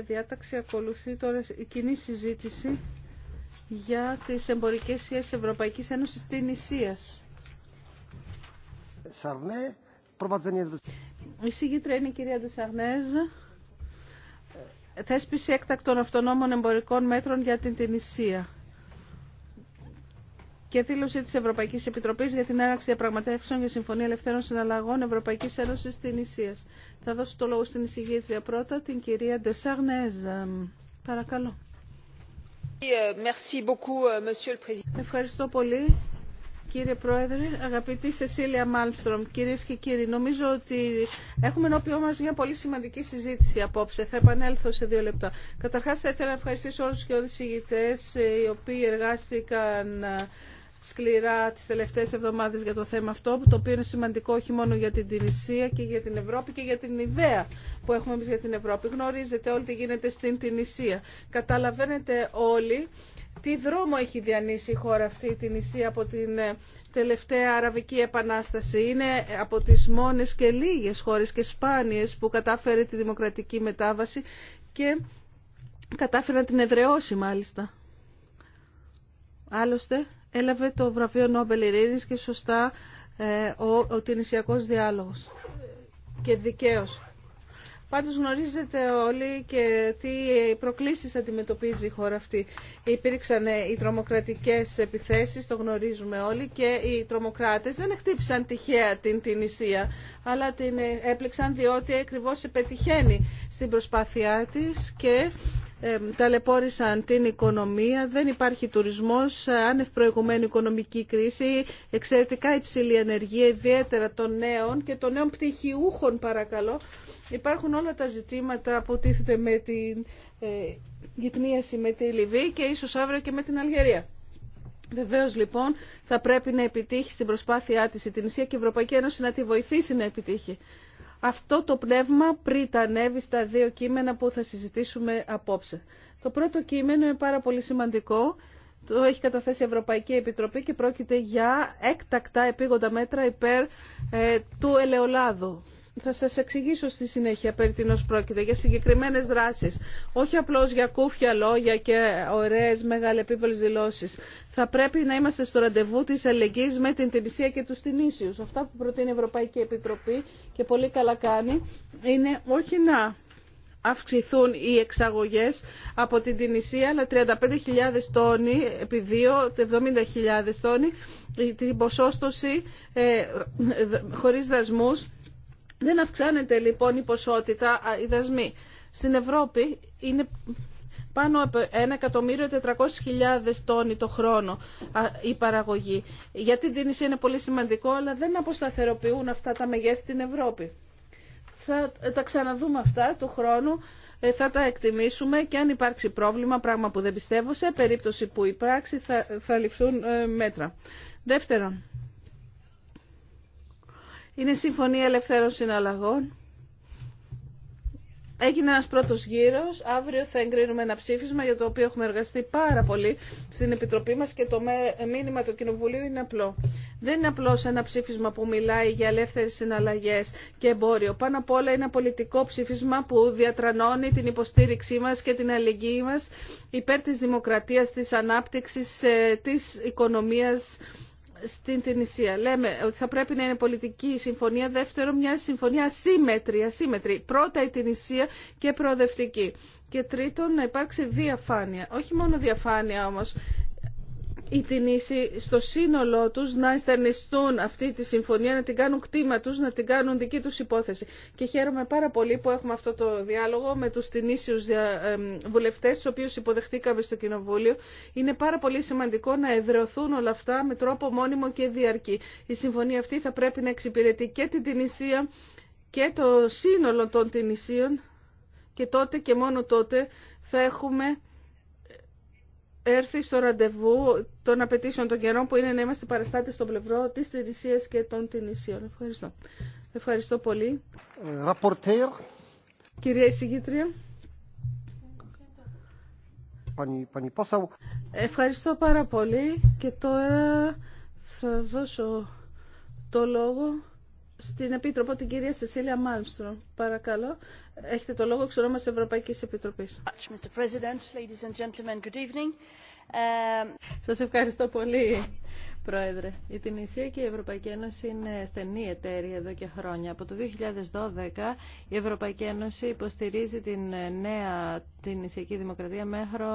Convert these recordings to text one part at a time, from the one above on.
Η διάταξη ακολουθεί τώρα η κοινή συζήτηση για τις εμπορικές σχέσεις Ευρωπαϊκής Ένωσης στην Ισίας. Η συγκήτρια είναι η κυρία Ντουσαρνέζ. Θέσπιση έκτακτων αυτονόμων εμπορικών μέτρων για την Τινησία και δήλωση τη Ευρωπαϊκή Επιτροπή για την έναρξη διαπραγματεύσεων για Συμφωνία Ελευθέρων Συναλλαγών Ευρωπαϊκή Ένωση στην Ισία. Θα δώσω το λόγο στην εισηγήτρια πρώτα, την κυρία Ντεσάρνεζ. Παρακαλώ. Ευχαριστώ πολύ. Κύριε Πρόεδρε, αγαπητή Σεσίλια Μάλμστρομ, κυρίε και κύριοι, νομίζω ότι έχουμε ενώπιό μα μια πολύ σημαντική συζήτηση απόψε. Θα επανέλθω σε δύο λεπτά. Καταρχά, θα ήθελα να ευχαριστήσω όλου και όλου οι οποίοι εργάστηκαν σκληρά τις τελευταίες εβδομάδες για το θέμα αυτό, το οποίο είναι σημαντικό όχι μόνο για την Τινησία και για την Ευρώπη και για την ιδέα που έχουμε εμείς για την Ευρώπη. Γνωρίζετε όλοι τι γίνεται στην Τινησία. Καταλαβαίνετε όλοι τι δρόμο έχει διανύσει η χώρα αυτή, η Τινησία, από την ε, τελευταία Αραβική Επανάσταση. Είναι από τις μόνες και λίγες χώρες και σπάνιες που κατάφερε τη δημοκρατική μετάβαση και κατάφερε να την εδρεώσει μάλιστα. Άλλωστε, έλαβε το βραβείο Νόμπελ Ειρήνης και σωστά ε, ο, ο τινησιακός διάλογος και δικαίως. Πάντως γνωρίζετε όλοι και τι προκλήσεις αντιμετωπίζει η χώρα αυτή. Υπήρξαν ε, οι τρομοκρατικές επιθέσεις, το γνωρίζουμε όλοι, και οι τρομοκράτες δεν χτύπησαν τυχαία την, νησία... αλλά την ε, έπληξαν διότι ακριβώ πετυχαίνει στην προσπάθειά της και ε, ταλαιπώρησαν την οικονομία, δεν υπάρχει τουρισμός, άνευ προηγουμένου οικονομική κρίση, εξαιρετικά υψηλή ανεργία, ιδιαίτερα των νέων και των νέων πτυχιούχων παρακαλώ, Υπάρχουν όλα τα ζητήματα που τίθεται με την ε, με τη Λιβύη και ίσως αύριο και με την Αλγερία. Βεβαίω λοιπόν θα πρέπει να επιτύχει στην προσπάθειά της η Τινησία και η Ευρωπαϊκή Ένωση να τη βοηθήσει να επιτύχει. Αυτό το πνεύμα πριν τα ανέβει στα δύο κείμενα που θα συζητήσουμε απόψε. Το πρώτο κείμενο είναι πάρα πολύ σημαντικό. Το έχει καταθέσει η Ευρωπαϊκή Επιτροπή και πρόκειται για έκτακτα επίγοντα μέτρα υπέρ ε, του ελαιολάδου θα σας εξηγήσω στη συνέχεια περί ως πρόκειται για συγκεκριμένες δράσεις. Όχι απλώς για κούφια λόγια και ωραίες μεγαλεπίπολες δηλώσεις. Θα πρέπει να είμαστε στο ραντεβού της αλληλεγγύης με την Τινησία και τους Τινήσιους. Αυτά που προτείνει η Ευρωπαϊκή Επιτροπή και πολύ καλά κάνει είναι όχι να αυξηθούν οι εξαγωγές από την Τινησία, αλλά 35.000 τόνοι επί 2, 70.000 τόνοι, την ποσόστοση ε, χωρίς δεν αυξάνεται λοιπόν η ποσότητα, οι δασμοί. Στην Ευρώπη είναι πάνω από 1.400.000 τόνοι το χρόνο η παραγωγή. Γιατί την τίνηση είναι πολύ σημαντικό, αλλά δεν αποσταθεροποιούν αυτά τα μεγέθη την Ευρώπη. Θα τα ξαναδούμε αυτά του χρόνου, ε, θα τα εκτιμήσουμε και αν υπάρξει πρόβλημα, πράγμα που δεν πιστεύω, σε περίπτωση που υπάρξει θα, θα ληφθούν ε, μέτρα. Δεύτερον, είναι Συμφωνία Ελευθέρων Συναλλαγών. Έγινε ένας πρώτος γύρος. Αύριο θα εγκρίνουμε ένα ψήφισμα για το οποίο έχουμε εργαστεί πάρα πολύ στην Επιτροπή μας και το μήνυμα του Κοινοβουλίου είναι απλό. Δεν είναι απλώ ένα ψήφισμα που μιλάει για ελεύθερες συναλλαγές και εμπόριο. Πάνω απ' όλα είναι ένα πολιτικό ψήφισμα που διατρανώνει την υποστήριξή μας και την αλληλεγγύη μας υπέρ της δημοκρατίας, της ανάπτυξης, ε, της οικονομίας στην Τινησία. Λέμε ότι θα πρέπει να είναι πολιτική η συμφωνία, δεύτερο μια συμφωνία ασύμετρη, ασύμετρη. Πρώτα η Τινησία και προοδευτική. Και τρίτον να υπάρξει διαφάνεια. Όχι μόνο διαφάνεια όμως οι Τινήσοι στο σύνολό τους να εστερνιστούν αυτή τη συμφωνία, να την κάνουν κτήμα τους, να την κάνουν δική τους υπόθεση. Και χαίρομαι πάρα πολύ που έχουμε αυτό το διάλογο με τους Τινήσιους ε, βουλευτές, τους οποίους υποδεχτήκαμε στο Κοινοβούλιο. Είναι πάρα πολύ σημαντικό να εδρεωθούν όλα αυτά με τρόπο μόνιμο και διαρκή. Η συμφωνία αυτή θα πρέπει να εξυπηρετεί και την Τινησία και το σύνολο των Τινησίων και τότε και μόνο τότε θα έχουμε έρθει στο ραντεβού των απαιτήσεων των καιρών που είναι να είμαστε παραστάτες στο πλευρό της Τινησίας και των Τινησίων. Ευχαριστώ. Ευχαριστώ πολύ. Ραπορτέρ. Κυρία Εισηγήτρια. Ευχαριστώ πάρα πολύ και τώρα θα δώσω το λόγο στην Επίτροπο, την κυρία Σεσίλια Μάλμστρομ. Παρακαλώ, έχετε το λόγο εξ Ευρωπαϊκής Επιτροπής. Σας ευχαριστώ πολύ, Πρόεδρε, η Τινησία και η Ευρωπαϊκή Ένωση είναι στενή εταίρια εδώ και χρόνια. Από το 2012 η Ευρωπαϊκή Ένωση υποστηρίζει την ε, νέα Τινησιακή Δημοκρατία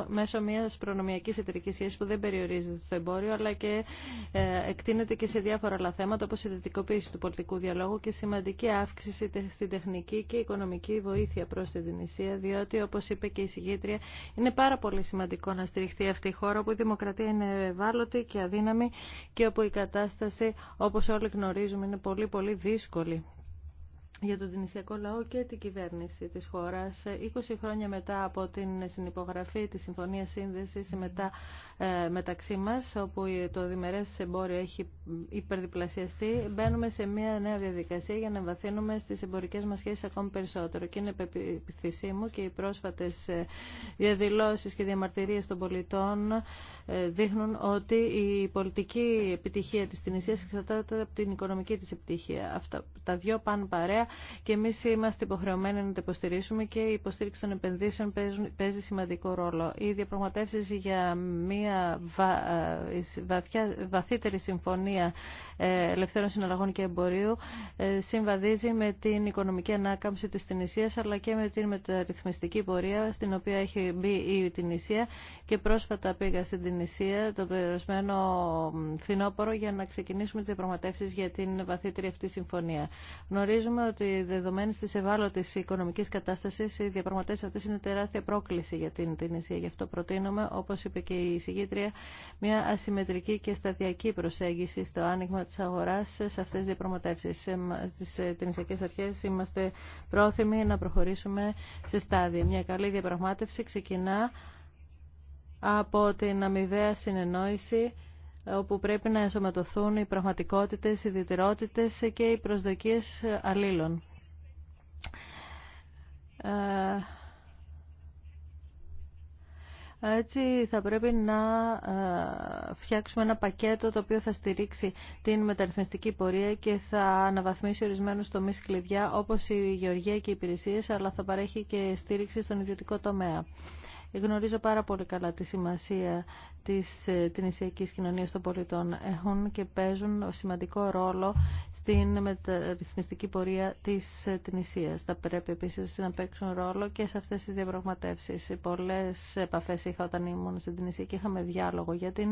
μέσω μιας προνομιακής εταιρική σχέση που δεν περιορίζεται στο εμπόριο αλλά και ε, εκτείνεται και σε διάφορα άλλα θέματα όπως η δυτικοποίηση του πολιτικού διαλόγου και σημαντική αύξηση στην τεχνική και οικονομική βοήθεια προς την Τινησία διότι όπως είπε και η συγγήτρια είναι πάρα πολύ σημαντικό να στηριχθεί αυτή η χώρα που η δημοκρατία είναι ευάλωτη και αδύναμη και όπου η κατάσταση όπως όλοι γνωρίζουμε είναι πολύ πολύ δύσκολη για τον τινησιακό λαό και την κυβέρνηση της χώρας. 20 ε, χρόνια μετά από την συνυπογραφή της Συμφωνίας Σύνδεσης ε, μετά, ε, μεταξύ μας, όπου το διμερές εμπόριο έχει υπερδιπλασιαστεί, μπαίνουμε σε μια νέα διαδικασία για να βαθύνουμε στις εμπορικές μας σχέσεις ακόμη περισσότερο. Και είναι επιθυσή μου και οι πρόσφατες διαδηλώσεις και διαμαρτυρίες των πολιτών δείχνουν ότι η πολιτική επιτυχία της Τινησίας εξαρτάται από την οικονομική της επιτυχία. Αυτά, τα δυο πάνε παρέα και εμείς είμαστε υποχρεωμένοι να το υποστηρίσουμε και η υποστήριξη των επενδύσεων παίζει σημαντικό ρόλο. Οι διαπραγματεύσεις για μια βα... Ε, βαθιά... βαθύτερη συμφωνία ε, ελευθέρων συναλλαγών και εμπορίου ε, συμβαδίζει με την οικονομική ανάκαμψη της Τινησίας αλλά και με την μεταρρυθμιστική πορεία στην οποία έχει μπει η Τινησία και πρόσφατα πήγα στην Τινησία το περιορισμένο φθινόπωρο για να ξεκινήσουμε τις διαπραγματεύσει για την βαθύτερη αυτή συμφωνία. Γνωρίζουμε ότι δεδομένη τη ευάλωτη οικονομική κατάσταση, οι διαπραγματεύσει αυτέ είναι τεράστια πρόκληση για την Τινησία. Γι' αυτό προτείνουμε, όπω είπε και η συγγήτρια, μια ασυμμετρική και σταδιακή προσέγγιση στο άνοιγμα τη αγορά σε αυτέ τι διαπραγματεύσει. Στι ε, Τινησιακέ Αρχέ είμαστε πρόθυμοι να προχωρήσουμε σε στάδια. Μια καλή διαπραγμάτευση ξεκινά από την αμοιβαία συνεννόηση όπου πρέπει να ενσωματωθούν οι πραγματικότητες, οι διτηρότητες και οι προσδοκίες αλλήλων. Ε, έτσι θα πρέπει να ε, φτιάξουμε ένα πακέτο το οποίο θα στηρίξει την μεταρρυθμιστική πορεία και θα αναβαθμίσει ορισμένους τομείς κλειδιά όπως η γεωργία και οι υπηρεσίες αλλά θα παρέχει και στήριξη στον ιδιωτικό τομέα. Γνωρίζω πάρα πολύ καλά τη σημασία της ε, νησιακής κοινωνίας των πολιτών. Έχουν και παίζουν σημαντικό ρόλο στην μεταρρυθμιστική πορεία της ε, νησίας. Θα πρέπει επίσης να παίξουν ρόλο και σε αυτές τις διαπραγματεύσεις. Ε, πολλές επαφές είχα όταν ήμουν στην νησία και είχαμε διάλογο για την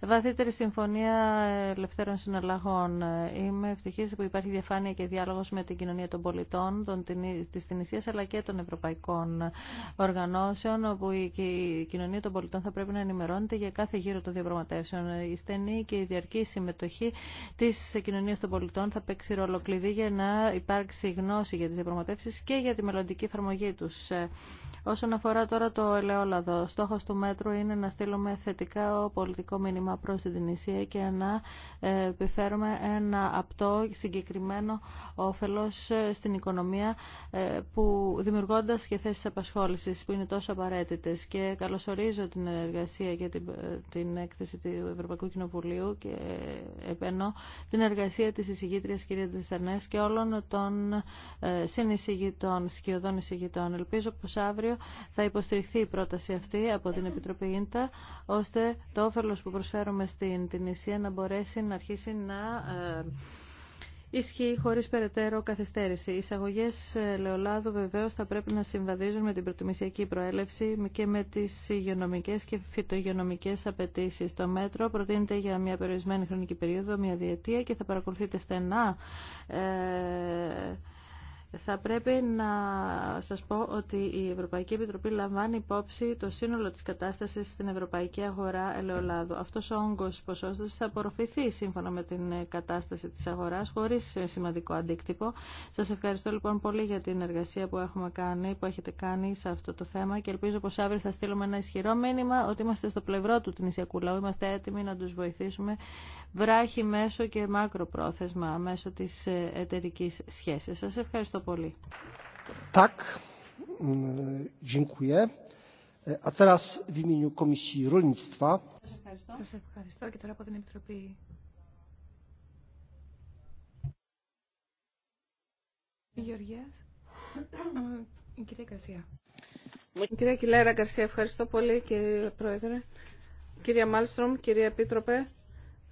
βαθύτερη συμφωνία ελευθέρων συναλλαγών. Είμαι ευτυχής που υπάρχει διαφάνεια και διάλογος με την κοινωνία των πολιτών, των, της νησίας αλλά και των ευρωπαϊκών οργανώσεων όπου η κοινωνία των πολιτών θα πρέπει να ενημερώνεται για κάθε γύρο των διαπραγματεύσεων. Η στενή και η διαρκή συμμετοχή τη κοινωνία των πολιτών θα παίξει ρόλο για να υπάρξει γνώση για τι διαπραγματεύσει και για τη μελλοντική εφαρμογή του. Όσον αφορά τώρα το ελαιόλαδο, στόχο του μέτρου είναι να στείλουμε θετικά πολιτικό μήνυμα προ την Τινησία και να ε, επιφέρουμε ένα απτό συγκεκριμένο όφελο στην οικονομία ε, που δημιουργώντα και θέσει απασχόληση που είναι τόσο απαραίτητε και καλωσορίζω την εργασία για την, έκθεση του Ευρωπαϊκού Κοινοβουλίου και επενώ την εργασία της εισηγήτριας κυρία Τεσσαρνές και όλων των ε, συνεισηγητών, σκιωδών εισηγητών. Ελπίζω πως αύριο θα υποστηριχθεί η πρόταση αυτή από την Επιτροπή Ίντα ώστε το όφελος που προσφέρουμε στην την να μπορέσει να αρχίσει να ε, ισχύει χωρί περαιτέρω καθυστέρηση. Οι εισαγωγέ ε, λεολάδου βεβαίω θα πρέπει να συμβαδίζουν με την προτιμησιακή προέλευση και με τι υγειονομικέ και φυτογειονομικέ απαιτήσει. Το μέτρο προτείνεται για μια περιορισμένη χρονική περίοδο, μια διετία και θα παρακολουθείτε στενά. Ε, θα πρέπει να σας πω ότι η Ευρωπαϊκή Επιτροπή λαμβάνει υπόψη το σύνολο της κατάστασης στην Ευρωπαϊκή Αγορά Ελαιολάδου. Αυτός ο όγκος ποσόστασης θα απορροφηθεί σύμφωνα με την κατάσταση της αγοράς χωρίς σημαντικό αντίκτυπο. Σας ευχαριστώ λοιπόν πολύ για την εργασία που έχουμε κάνει, που έχετε κάνει σε αυτό το θέμα και ελπίζω πως αύριο θα στείλουμε ένα ισχυρό μήνυμα ότι είμαστε στο πλευρό του την Ισιακού Λαού, είμαστε έτοιμοι να τους βοηθήσουμε βράχει μέσω και μακροπρόθεσμα, μέσω της ε, εταιρική σχέσης. Σας ευχαριστώ πολύ. Tak, ε, dziękuję. Ε, a teraz w imieniu Komisji Rolnictwa. κυρία Καρσία. Κιλέρα Καρσία, ευχαριστώ πολύ κύριε Πρόεδρε. Κυρία Μάλστρομ, κυρία Επίτροπε,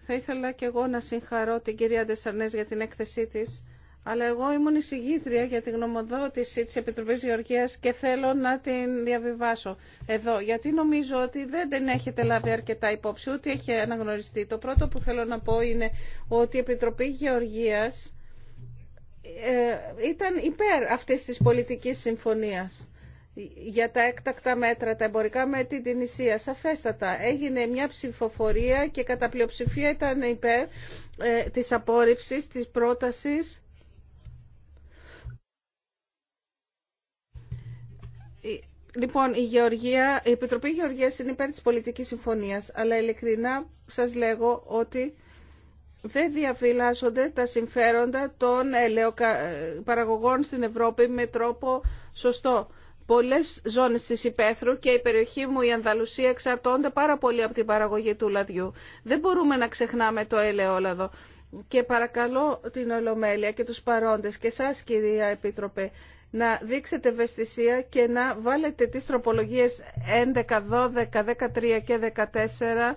θα ήθελα και εγώ να συγχαρώ την κυρία Ντεσσαρνές για την έκθεσή της, αλλά εγώ ήμουν εισηγήτρια για την γνωμοδότηση της Επιτροπής Γεωργίας και θέλω να την διαβιβάσω εδώ, γιατί νομίζω ότι δεν την έχετε λάβει αρκετά υπόψη, ούτε έχει αναγνωριστεί. Το πρώτο που θέλω να πω είναι ότι η Επιτροπή Γεωργίας ε, ήταν υπέρ αυτής της πολιτικής συμφωνίας για τα έκτακτα μέτρα, τα εμπορικά με την Τινησία. Σαφέστατα έγινε μια ψηφοφορία και κατά πλειοψηφία ήταν υπέρ ε, της απόρριψης, της πρότασης. Λοιπόν, η, Γεωργία, η Επιτροπή Γεωργίας είναι υπέρ της πολιτικής συμφωνίας, αλλά ειλικρινά σας λέγω ότι δεν διαφυλάσσονται τα συμφέροντα των παραγωγών στην Ευρώπη με τρόπο σωστό. Πολλέ ζώνε τη υπαίθρου και η περιοχή μου η Ανδαλουσία εξαρτώνται πάρα πολύ από την παραγωγή του λαδιού. Δεν μπορούμε να ξεχνάμε το ελαιόλαδο. Και παρακαλώ την Ολομέλεια και τους παρόντες και σας κυρία Επίτροπε να δείξετε ευαισθησία και να βάλετε τις τροπολογίες 11, 12, 13 και 14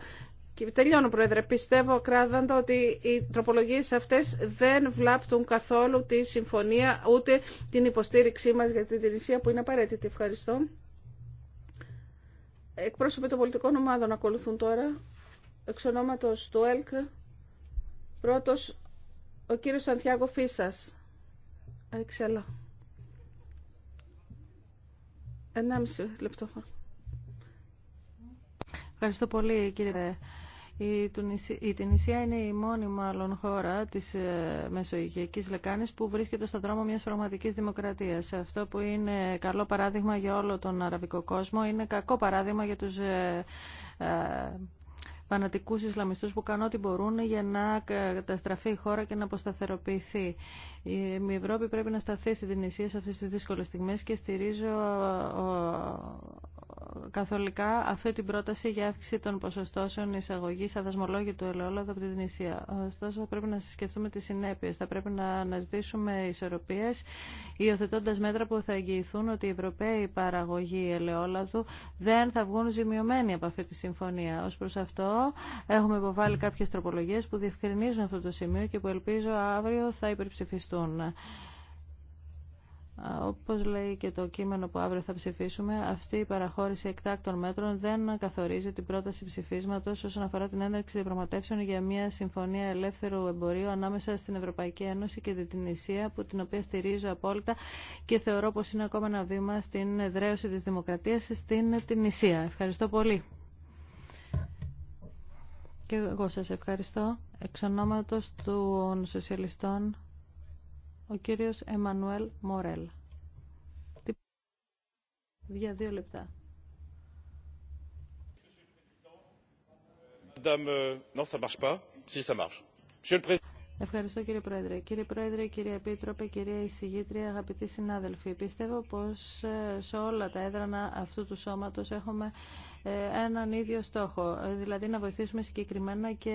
και τελειώνω, Πρόεδρε. Πιστεύω ακράδαντα ότι οι τροπολογίες αυτές δεν βλάπτουν καθόλου τη συμφωνία ούτε την υποστήριξή μας για την Τινησία που είναι απαραίτητη. Ευχαριστώ. Εκπρόσωποι των πολιτικών ομάδων ακολουθούν τώρα. Εξ ονόματο του ΕΛΚ, πρώτος ο κύριος Σαντιάγκο Φίσας. Εξέλα. Ενάμιση λεπτό. Ευχαριστώ πολύ κύριε η Τινησία είναι η μόνη μάλλον χώρα της ε, Μεσογειακής Λεκάνης που βρίσκεται στον δρόμο μιας πραγματικής δημοκρατίας. Αυτό που είναι καλό παράδειγμα για όλο τον αραβικό κόσμο είναι κακό παράδειγμα για τους ε, ε, φανατικούς Ισλαμιστούς που κάνουν ό,τι μπορούν για να καταστραφεί η χώρα και να αποσταθεροποιηθεί. Η Ευρώπη πρέπει να σταθεί στην δυνησία σε αυτές τις δύσκολες στιγμές και στηρίζω καθολικά αυτή την πρόταση για αύξηση των ποσοστώσεων εισαγωγή αδασμολόγητου ελαιόλαδου από την Ισία. Ωστόσο, θα πρέπει να σκεφτούμε τι συνέπειε. Θα πρέπει να αναζητήσουμε ισορροπίες, υιοθετώντα μέτρα που θα εγγυηθούν ότι οι Ευρωπαίοι παραγωγοί ελαιόλαδου δεν θα βγουν ζημιωμένοι από αυτή τη συμφωνία. Ω προ αυτό, Έχουμε υποβάλει κάποιες τροπολογίες που διευκρινίζουν αυτό το σημείο και που ελπίζω αύριο θα υπερψηφιστούν. Όπως λέει και το κείμενο που αύριο θα ψηφίσουμε, αυτή η παραχώρηση εκτάκτων μέτρων δεν καθορίζει την πρόταση ψηφίσματος όσον αφορά την έναρξη διαπραγματεύσεων για μια συμφωνία ελεύθερου εμπορίου ανάμεσα στην Ευρωπαϊκή Ένωση και την Ισία, που την οποία στηρίζω απόλυτα και θεωρώ πως είναι ακόμα ένα βήμα στην δρέωση της δημοκρατίας στην Ισία. Ευχαριστώ πολύ. Και εγώ σας ευχαριστώ. Εξ ονόματος των σοσιαλιστών, ο κύριος Εμμανουέλ Μορέλ. Για δύο λεπτά. Ευχαριστώ κύριε Πρόεδρε. Κύριε Πρόεδρε, κύριε Επίτροπε, κυρία Εισηγήτρια, αγαπητοί συνάδελφοι. Πιστεύω πως ε, σε όλα τα έδρανα αυτού του σώματος έχουμε ε, έναν ίδιο στόχο, ε, δηλαδή να βοηθήσουμε συγκεκριμένα και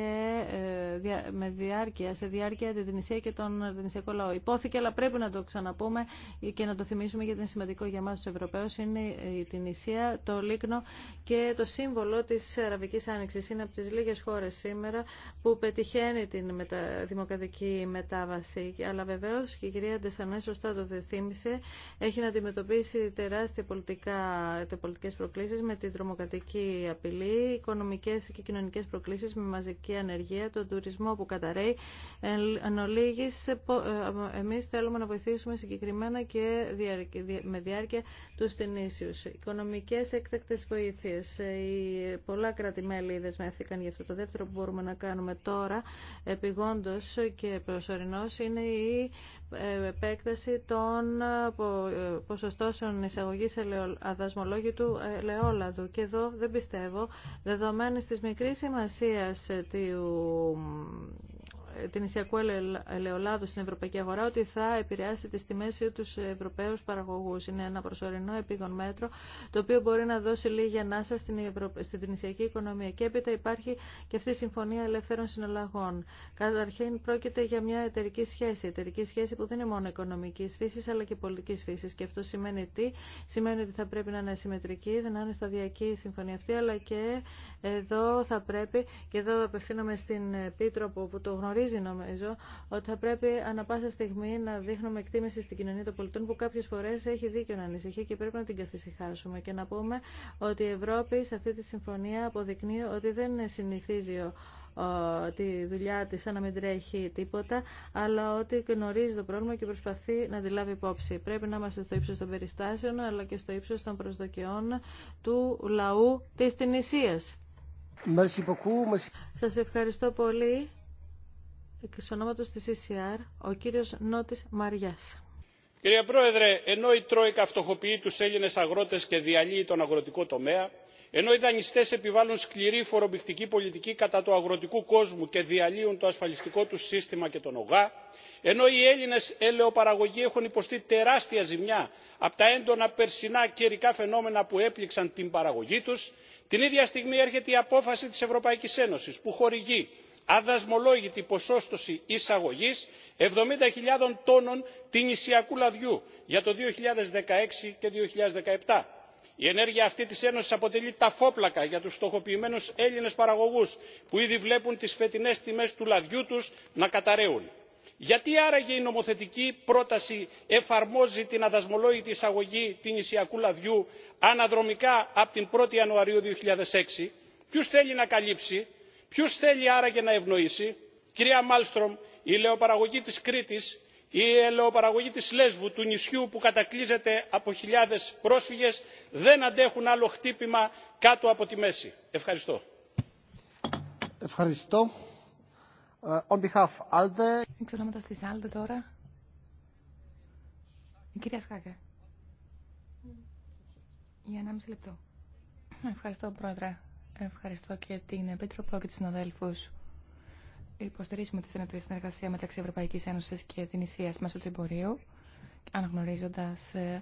ε, με διάρκεια, σε διάρκεια την Τινησία και τον Αρδενισιακό λαό. Υπόθηκε, αλλά πρέπει να το ξαναπούμε και να το θυμίσουμε γιατί είναι σημαντικό για εμάς τους Ευρωπαίους. Είναι η Τινησία, το Λίκνο και το σύμβολο της Αραβικής Άνοιξης. Είναι από τις λίγες χώρες σήμερα που πετυχαίνει την μετα... δημοκρατική μετάβαση. Αλλά βεβαίως και η κυρία Ντεσανέ σωστά το θύμισε, έχει να αντιμετωπίσει τεράστια πολιτικά, πολιτικές προκλήσεις με την τρομοκρατική περιβαλλοντική απειλή, οικονομικές και κοινωνικές προκλήσεις με μαζική ανεργία, τον τουρισμό που καταραίει. Εν ολίγης, ε, εμείς θέλουμε να βοηθήσουμε συγκεκριμένα και με διάρκεια τους ταινίσιους. Οικονομικές έκτακτες βοήθειες. Ε, πολλά κράτη-μέλη δεσμεύθηκαν γι' αυτό. Το δεύτερο που μπορούμε να κάνουμε τώρα, επιγόντως και προσωρινώς, είναι η ε, επέκταση των ποσοστώσεων εισαγωγής αδασμολόγητου ελαιόλαδου. Και εδώ δεν πιστεύω, δεδομένης της μικρής σημασίας του την Ισιακού Ελαιολάδου στην Ευρωπαϊκή Αγορά ότι θα επηρεάσει τις τιμές του τους Ευρωπαίους παραγωγούς. Είναι ένα προσωρινό επίγον μέτρο το οποίο μπορεί να δώσει λίγη ανάσα στην, Ευρω... στην Ισιακή οικονομία. Και έπειτα υπάρχει και αυτή η Συμφωνία Ελευθέρων Συναλλαγών. Καταρχήν πρόκειται για μια εταιρική σχέση. Εταιρική σχέση που δεν είναι μόνο οικονομική φύση αλλά και πολιτική φύση. Και αυτό σημαίνει τι. Σημαίνει ότι θα πρέπει να είναι συμμετρική, δεν είναι σταδιακή η συμφωνία αυτή, αλλά και εδώ θα πρέπει, και εδώ απευθύνομαι στην Επίτροπο που το γνωρίζει, γνωρίζει νομίζω ότι θα πρέπει ανα πάσα στιγμή να δείχνουμε εκτίμηση στην κοινωνία των πολιτών που κάποιες φορές έχει δίκιο να ανησυχεί και πρέπει να την καθησυχάσουμε και να πούμε ότι η Ευρώπη σε αυτή τη συμφωνία αποδεικνύει ότι δεν συνηθίζει τη δουλειά της σαν να μην τρέχει τίποτα, αλλά ότι γνωρίζει το πρόβλημα και προσπαθεί να τη λάβει υπόψη. Πρέπει να είμαστε στο ύψος των περιστάσεων, αλλά και στο ύψος των προσδοκιών του λαού της Τινησίας. Σας ευχαριστώ πολύ. Εξ ονόματος της ECR, ο κύριος Νότης Μαριάς. Κύριε Πρόεδρε, ενώ η Τρόικα φτωχοποιεί τους Έλληνες αγρότες και διαλύει τον αγροτικό τομέα, ενώ οι δανειστές επιβάλλουν σκληρή φορομπηκτική πολιτική κατά του αγροτικού κόσμου και διαλύουν το ασφαλιστικό του σύστημα και τον ΟΓΑ, ενώ οι Έλληνες ελαιοπαραγωγοί έχουν υποστεί τεράστια ζημιά από τα έντονα περσινά καιρικά φαινόμενα που έπληξαν την παραγωγή τους, την ίδια στιγμή έρχεται η απόφαση της Ευρωπαϊκής Ένωσης που χορηγεί αδασμολόγητη ποσόστοση εισαγωγής 70.000 τόνων τυνησιακού λαδιού για το 2016 και 2017. Η ενέργεια αυτή της Ένωσης αποτελεί ταφόπλακα για τους στοχοποιημένους Έλληνες παραγωγούς που ήδη βλέπουν τις φετινές τιμές του λαδιού τους να καταραίουν. Γιατί άραγε η νομοθετική πρόταση εφαρμόζει την αδασμολόγητη εισαγωγή τυνησιακού λαδιού αναδρομικά από την 1η Ιανουαρίου 2006. Ποιους θέλει να καλύψει, Ποιους θέλει άραγε να ευνοήσει, κυρία Μάλστρομ, η ελαιοπαραγωγή της Κρήτης, η ελαιοπαραγωγή της Λέσβου, του νησιού που κατακλείζεται από χιλιάδες πρόσφυγες, δεν αντέχουν άλλο χτύπημα κάτω από τη μέση. Ευχαριστώ. Ευχαριστώ. Ε, on behalf ALDE. ALDE τώρα. κυρία Για λεπτό. Ευχαριστώ, Πρόεδρε. Ευχαριστώ και την Επίτροπο και του συναδέλφου. Υποστηρίζουμε τη στενατρή συνεργασία μεταξύ Ευρωπαϊκή Ένωση και την Ισία μέσω του εμπορίου, αναγνωρίζοντα ε, ε,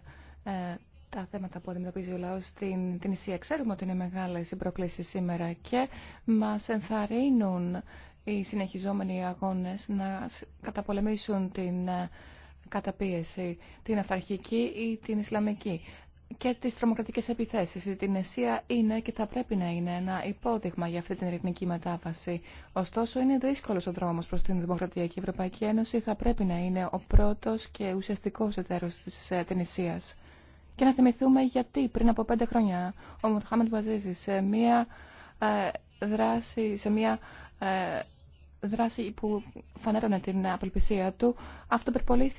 τα θέματα που αντιμετωπίζει ο λαό στην την Ισία. Ξέρουμε ότι είναι μεγάλε οι προκλήσει σήμερα και μα ενθαρρύνουν οι συνεχιζόμενοι αγώνε να καταπολεμήσουν την ε, καταπίεση, την αυταρχική ή την ισλαμική και τις τρομοκρατικές επιθέσεις. Η Τινεσία είναι και θα πρέπει να είναι ένα υπόδειγμα για αυτή την ειρηνική μετάβαση. Ωστόσο, είναι δύσκολος ο δρόμος προς την Δημοκρατία και η Ευρωπαϊκή Ένωση θα πρέπει να είναι ο πρώτος και ουσιαστικός εταίρος της ε, Τινησίας. Και να θυμηθούμε γιατί πριν από πέντε χρόνια ο Μουχάμεντ Βαζίζη σε μία ε, δράση, σε μία ε, δράση που φανέρωνε την απελπισία του, αυτό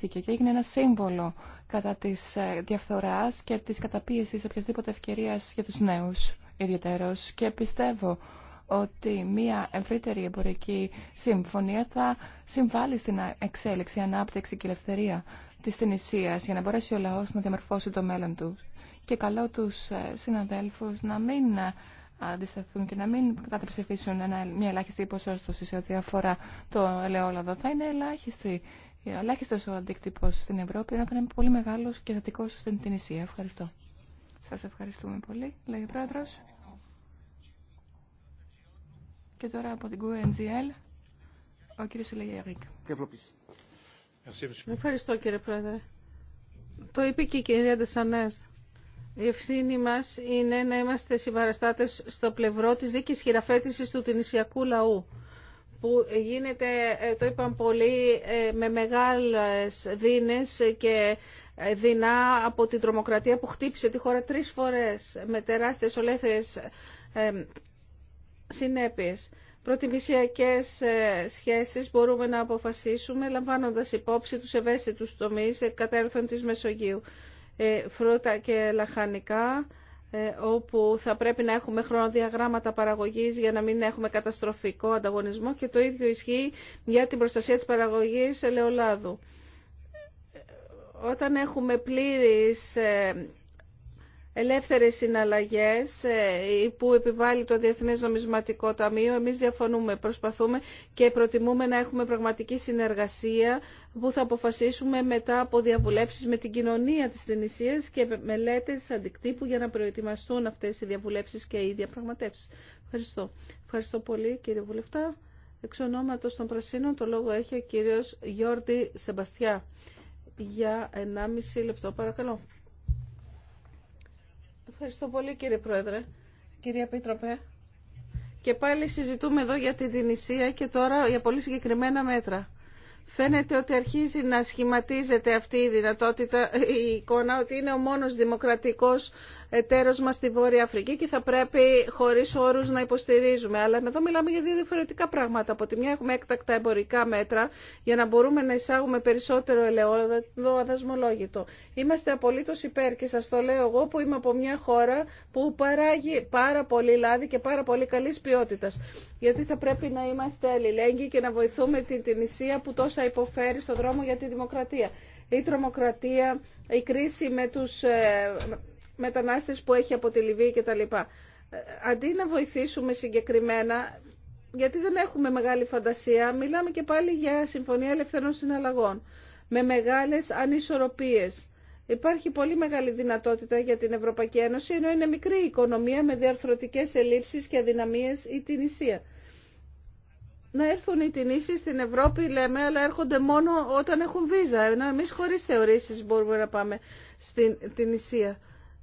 και έγινε ένα σύμβολο κατά της ε, διαφθοράς και της καταπίεσης οποιασδήποτε ευκαιρίας για τους νέους ιδιαίτερος. Και πιστεύω ότι μια ευρύτερη εμπορική συμφωνία θα συμβάλλει στην εξέλιξη, ανάπτυξη και ελευθερία της Τινησίας για να μπορέσει ο λαός να διαμορφώσει το μέλλον του. Και καλό τους ε, συναδέλφους να μην ε, αντισταθούν και να μην καταψηφίσουν μια ελάχιστη ποσόστοση σε ό,τι αφορά το ελαιόλαδο. Θα είναι ελάχιστη. Ελάχιστο ο αντίκτυπο στην Ευρώπη, ενώ θα είναι πολύ μεγάλο και θετικό στην Τινησία. Ευχαριστώ. Σα ευχαριστούμε πολύ, λέει ο πρόεδρο. Και τώρα από την QNGL, ο κύριος Λεγερίκ. Ευχαριστώ κύριε Πρόεδρε. Το είπε και η κυρία Ντεσανέζ. Η ευθύνη μας είναι να είμαστε συμπαραστάτες στο πλευρό της δίκης χειραφέτησης του τυνησιακού λαού που γίνεται, ε, το είπαν πολύ ε, με μεγάλες δίνες και ε, δεινά από την τρομοκρατία που χτύπησε τη χώρα τρεις φορές με τεράστιες ολέθριες συνέπειες. Προτιμησιακές σχέσεις μπορούμε να αποφασίσουμε λαμβάνοντας υπόψη τους ευαίσθητους τομείς έρθον της Μεσογείου. Ε, φρούτα και λαχανικά ε, όπου θα πρέπει να έχουμε χρονοδιαγράμματα παραγωγής για να μην έχουμε καταστροφικό ανταγωνισμό και το ίδιο ισχύει για την προστασία της παραγωγής ελαιολάδου. Ε, όταν έχουμε πλήρης ελεύθερες συναλλαγές ε, που επιβάλλει το Διεθνές Νομισματικό Ταμείο. Εμείς διαφωνούμε, προσπαθούμε και προτιμούμε να έχουμε πραγματική συνεργασία που θα αποφασίσουμε μετά από διαβουλεύσεις με την κοινωνία της Τινησίας και μελέτες αντικτύπου για να προετοιμαστούν αυτές οι διαβουλεύσεις και οι διαπραγματεύσεις. Ευχαριστώ. Ευχαριστώ πολύ κύριε Βουλευτά. Εξ ονόματος των Πρασίνων το λόγο έχει ο κύριος Γιώργη Σεμπαστιά. Για 1,5 λεπτό παρακαλώ. Ευχαριστώ πολύ κύριε Πρόεδρε. Κυρία Πίτροπε. Και πάλι συζητούμε εδώ για τη δυνησία και τώρα για πολύ συγκεκριμένα μέτρα. Φαίνεται ότι αρχίζει να σχηματίζεται αυτή η δυνατότητα, η εικόνα, ότι είναι ο μόνος δημοκρατικός εταίρος μας στη Βόρεια Αφρική και θα πρέπει χωρίς όρους να υποστηρίζουμε. Αλλά εδώ μιλάμε για δύο διαφορετικά πράγματα. Από τη μια έχουμε έκτακτα εμπορικά μέτρα για να μπορούμε να εισάγουμε περισσότερο ελαιόλαδο αδασμολόγητο. Είμαστε απολύτως υπέρ και σας το λέω εγώ που είμαι από μια χώρα που παράγει πάρα πολύ λάδι και πάρα πολύ καλής ποιότητας. Γιατί θα πρέπει να είμαστε αλληλέγγυοι και να βοηθούμε την νησία που τόσα υποφέρει στον δρόμο για τη δημοκρατία. Η τρομοκρατία, η κρίση με τους ε, μετανάστες που έχει από τη Λιβύη κτλ. Ε, αντί να βοηθήσουμε συγκεκριμένα, γιατί δεν έχουμε μεγάλη φαντασία, μιλάμε και πάλι για Συμφωνία Ελευθερών Συναλλαγών, με μεγάλες ανισορροπίες. Υπάρχει πολύ μεγάλη δυνατότητα για την Ευρωπαϊκή Ένωση, ενώ είναι μικρή η οικονομία με διαρθρωτικές ελλείψεις και αδυναμίες ή την Ισία. Να έρθουν οι τινήσει στην Ευρώπη, λέμε, αλλά έρχονται μόνο όταν έχουν βίζα. Εμεί χωρί θεωρήσει μπορούμε να πάμε στην Ισία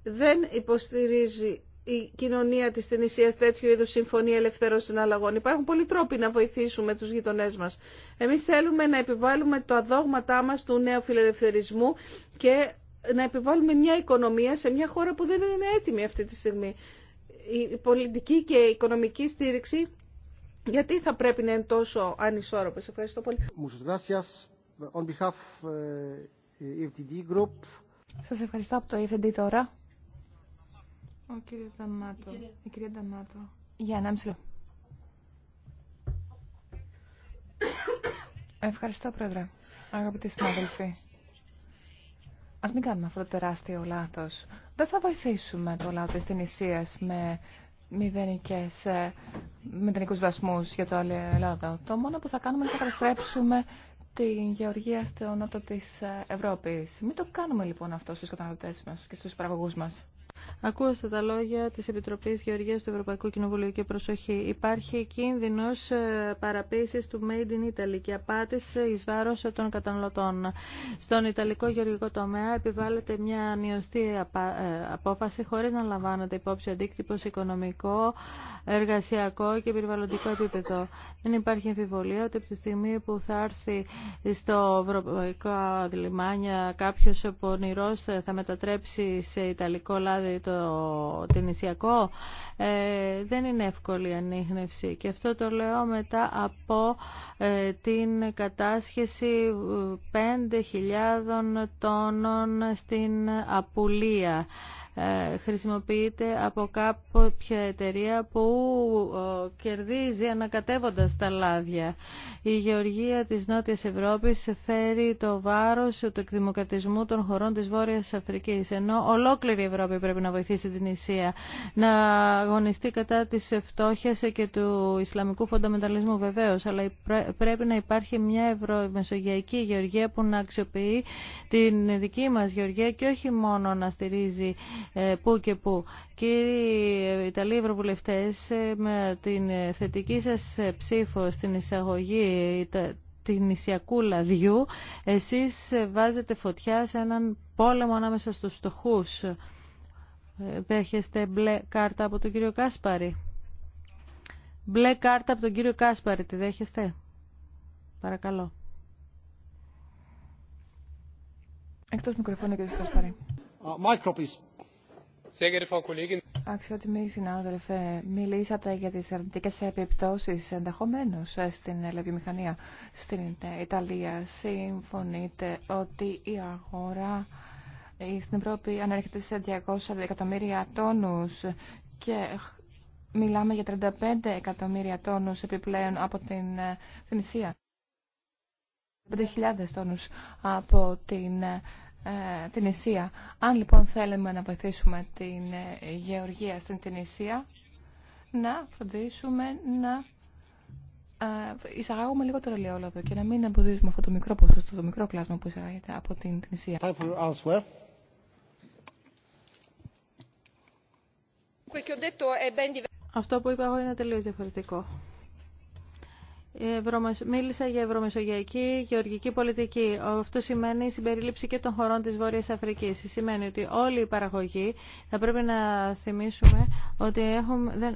δεν υποστηρίζει η κοινωνία της Τινησίας τέτοιου είδους συμφωνία ελευθερών συναλλαγών. Υπάρχουν πολλοί τρόποι να βοηθήσουμε τους γειτονές μας. Εμείς θέλουμε να επιβάλλουμε τα δόγματά μας του νέου φιλελευθερισμού και να επιβάλλουμε μια οικονομία σε μια χώρα που δεν είναι έτοιμη αυτή τη στιγμή. Η πολιτική και η οικονομική στήριξη γιατί θα πρέπει να είναι τόσο ανισόρροπες. Ευχαριστώ πολύ. Eh, e Σας ευχαριστώ από το EFD τώρα. Ο κύριος Δαμάτο. Η, κυρία Δαμάτο. Για ένα μισό. Ευχαριστώ, Πρόεδρε. Αγαπητοί συνάδελφοι. Ας μην κάνουμε αυτό το τεράστιο λάθος. Δεν θα βοηθήσουμε το λαό της Τινησίας με μηδενικές, ε, μηδενικούς δασμούς για το Ελλάδα. Το μόνο που θα κάνουμε είναι να καταστρέψουμε την γεωργία στο νότο της ε, Ευρώπης. Μην το κάνουμε λοιπόν αυτό στους καταναλωτές μας και στους παραγωγούς μας. Ακούστε τα λόγια τη Επιτροπή Γεωργία του Ευρωπαϊκού Κοινοβουλίου και προσοχή. Υπάρχει κίνδυνο ε, παραποίηση του Made in Italy και απάτη ει βάρο των καταναλωτών. Στον Ιταλικό γεωργικό τομέα επιβάλλεται μια ανιωστή ε, απόφαση χωρί να λαμβάνεται υπόψη αντίκτυπο σε οικονομικό, εργασιακό και περιβαλλοντικό επίπεδο. Δεν υπάρχει εμφιβολία ότι από τη στιγμή που θα έρθει στο ευρωπαϊκό λιμάνια κάποιο πονηρό θα μετατρέψει σε Ιταλικό λάδι το νησιακό ε, δεν είναι εύκολη η ανείχνευση και αυτό το λέω μετά από ε, την κατάσχεση 5.000 ε, τόνων στην Απουλία ε, χρησιμοποιείται από κάποια εταιρεία που ε, κερδίζει ανακατεύοντας τα λάδια. Η γεωργία της Νότιας Ευρώπης φέρει το βάρος του εκδημοκρατισμού των χωρών της Βόρειας Αφρικής, ενώ ολόκληρη η Ευρώπη πρέπει να βοηθήσει την Ισία να αγωνιστεί κατά της φτώχειας και του Ισλαμικού φονταμενταλισμού βεβαίως, αλλά πρέπει να υπάρχει μια ευρωμεσογειακή γεωργία που να αξιοποιεί την δική μας γεωργία και όχι μόνο να στηρίζει ε, που και που. Κύριοι Ιταλοί Ευρωβουλευτές, ε, με την θετική σας ε, ψήφο στην εισαγωγή την Ισιακούλα Διού, εσείς βάζετε φωτιά σε έναν πόλεμο ανάμεσα στους στοχούς. Δέχεστε μπλε κάρτα από τον κύριο Κάσπαρη. Μπλε κάρτα από τον κύριο Κάσπαρη, τη δέχεστε. Παρακαλώ. Εκτός μικροφώνου, κύριο Κάσπαρη. Uh, Αξιότιμοι συνάδελφε, μιλήσατε για τις αρνητικές επιπτώσεις ενδεχομένως ε, στην ηλεκτρομηχανία στην ε, Ιταλία. Συμφωνείτε ότι η αγορά ε, στην Ευρώπη ανέρχεται σε 200 εκατομμύρια τόνους και μιλάμε για 35 εκατομμύρια τόνους επιπλέον από την Φινησία. 5.000 τόνους από την ε, την Ισία. Αν λοιπόν θέλουμε να βοηθήσουμε την ε, γεωργία στην την Ισία, να φροντίσουμε να ε, εισαγάγουμε λίγο το ελαιόλαδο και να μην εμποδίζουμε αυτό το μικρό ποσοστό, το μικρό κλάσμα που εισαγάγεται από την Τινησία. Αυτό που είπα εγώ είναι τελείως διαφορετικό. Μίλησα για ευρωμεσογειακή γεωργική πολιτική. Αυτό σημαίνει η συμπερίληψη και των χωρών της Βόρειας Αφρικής. Σημαίνει ότι όλη η παραγωγή, θα πρέπει να θυμίσουμε ότι έχουμε, δεν,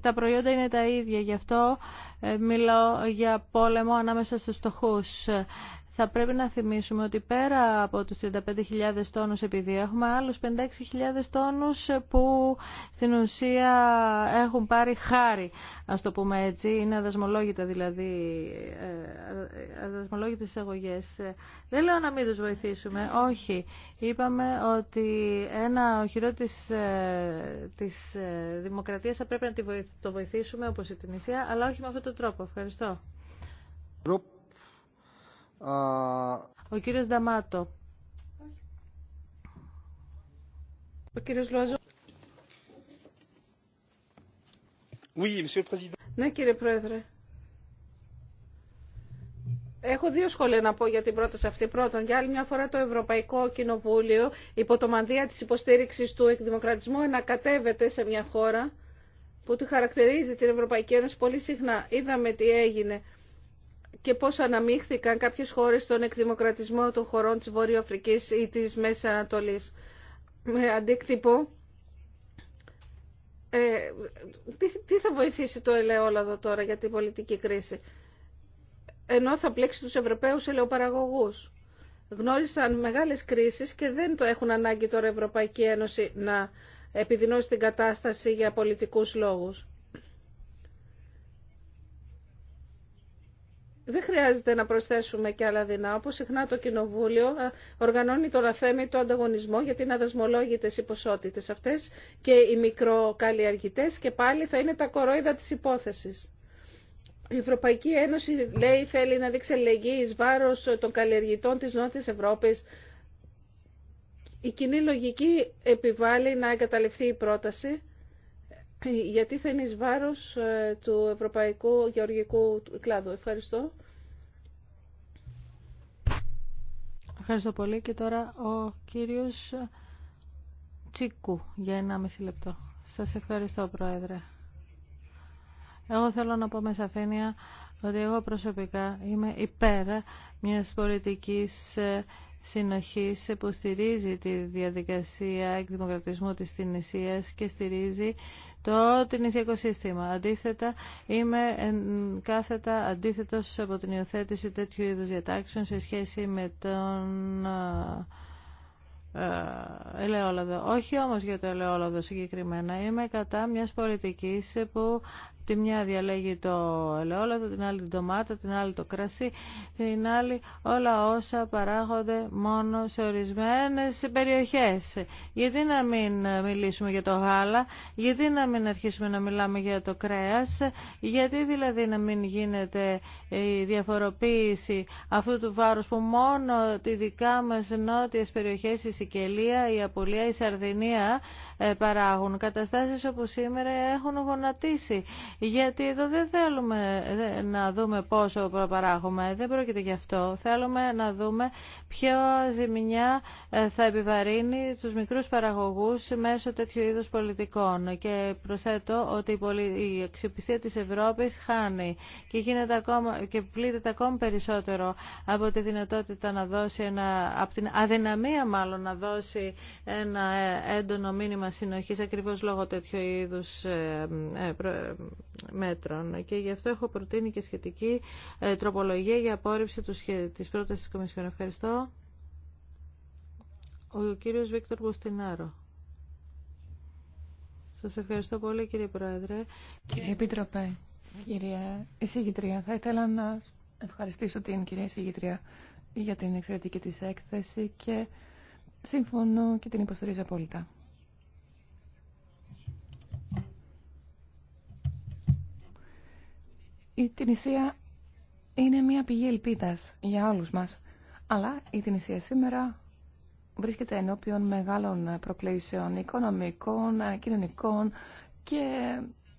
τα προϊόντα είναι τα ίδια. Γι' αυτό ε, μιλώ για πόλεμο ανάμεσα στους στοχούς θα πρέπει να θυμίσουμε ότι πέρα από τους 35.000 τόνους επειδή έχουμε άλλους 56.000 τόνους που στην ουσία έχουν πάρει χάρη, ας το πούμε έτσι, είναι αδασμολόγητα δηλαδή, ε, αδασμολόγητες εισαγωγές. Ε, δεν λέω να μην τους βοηθήσουμε, όχι. Είπαμε ότι ένα οχυρό της, ε, της δημοκρατίας θα πρέπει να το βοηθήσουμε όπως η Τινησία, αλλά όχι με αυτόν τον τρόπο. Ευχαριστώ. Ο κύριος Νταμάτο. Ο κύριος Λουαζό. Oui, ναι, κύριε Πρόεδρε. Έχω δύο σχόλια να πω για την πρόταση αυτή. Πρώτον, για άλλη μια φορά το Ευρωπαϊκό Κοινοβούλιο υπό το μανδύα της υποστήριξης του εκδημοκρατισμού ανακατεύεται σε μια χώρα που τη χαρακτηρίζει την Ευρωπαϊκή Ένωση πολύ συχνά. Είδαμε τι έγινε και πώς αναμίχθηκαν κάποιες χώρες στον εκδημοκρατισμό των χωρών της Βόρειο Αφρικής ή της Μέσης Ανατολής. Με αντίκτυπο, ε, τι, θα βοηθήσει το ελαιόλαδο τώρα για την πολιτική κρίση. Ενώ θα πλέξει τους Ευρωπαίους ελαιοπαραγωγούς. Γνώρισαν μεγάλες κρίσεις και δεν το έχουν ανάγκη τώρα η Ευρωπαϊκή Ένωση να επιδεινώσει την κατάσταση για πολιτικούς λόγους. δεν χρειάζεται να προσθέσουμε και άλλα δεινά. Όπως συχνά το Κοινοβούλιο ε, οργανώνει τον αθέμητο ανταγωνισμό γιατί είναι αδεσμολόγητες οι ποσότητες αυτές και οι μικροκαλλιεργητές και πάλι θα είναι τα κορόιδα της υπόθεσης. Η Ευρωπαϊκή Ένωση λέει θέλει να δείξει ελεγγύη εις βάρος των καλλιεργητών της Νότιας Ευρώπης. Η κοινή λογική επιβάλλει να εγκαταλειφθεί η πρόταση γιατί θα είναι βάρος ε, του ευρωπαϊκού γεωργικού κλάδου. Ευχαριστώ. Ευχαριστώ πολύ και τώρα ο κύριος Τσίκου για μισή λεπτό. Σας ευχαριστώ Πρόεδρε. Εγώ θέλω να πω με σαφήνεια ότι εγώ προσωπικά είμαι υπέρ μιας πολιτικής ε, που υποστηρίζει τη διαδικασία εκδημοκρατισμού της Τινησίας και στηρίζει το Τινησιακό σύστημα. Αντίθετα, είμαι κάθετα αντίθετος από την υιοθέτηση τέτοιου είδους διατάξεων σε σχέση με τον ε, ε, ελαιόλαδο. Όχι όμως για το ελαιόλαδο συγκεκριμένα. Είμαι κατά μιας πολιτικής που τη μια διαλέγει το ελαιόλαδο, την άλλη την ντομάτα, την άλλη το κρασί, την άλλη όλα όσα παράγονται μόνο σε ορισμένες περιοχές. Γιατί να μην μιλήσουμε για το γάλα, γιατί να μην αρχίσουμε να μιλάμε για το κρέας, γιατί δηλαδή να μην γίνεται η διαφοροποίηση αυτού του βάρους που μόνο τη δικά μας νότιες περιοχές, Σικελία, η Απολία, η Σαρδινία ε, παράγουν. Καταστάσεις όπως σήμερα έχουν γονατίσει. Γιατί εδώ δεν θέλουμε ε, να δούμε πόσο παράγουμε. Δεν πρόκειται γι' αυτό. Θέλουμε να δούμε ποια ζημιά ε, θα επιβαρύνει τους μικρούς παραγωγούς μέσω τέτοιου είδους πολιτικών. Και προσθέτω ότι η αξιοπιστία της Ευρώπης χάνει και, γίνεται ακόμα, και πλήττεται ακόμα περισσότερο από τη δυνατότητα να δώσει ένα, από την αδυναμία μάλλον να δώσει ένα έντονο μήνυμα συνοχής ακριβώς λόγω τέτοιου είδους ε, ε, ε, μέτρων. Και γι' αυτό έχω προτείνει και σχετική τροπολογία για απόρριψη της πρόταση της Κομισιόν. Ευχαριστώ. Ο κύριος Βίκτορ Μποστινάρο. Σας ευχαριστώ πολύ κύριε Πρόεδρε. Κύριε Επίτροπε, κυρία εισηγητρία, θα ήθελα να ευχαριστήσω την κυρία εισηγητρία για την εξαιρετική της έκθεση και Σύμφωνο και την υποστηρίζω απόλυτα. Η Τινησία είναι μια πηγή ελπίδας για όλους μας. Αλλά η Τινησία σήμερα βρίσκεται ενώπιον μεγάλων προκλήσεων οικονομικών, κοινωνικών και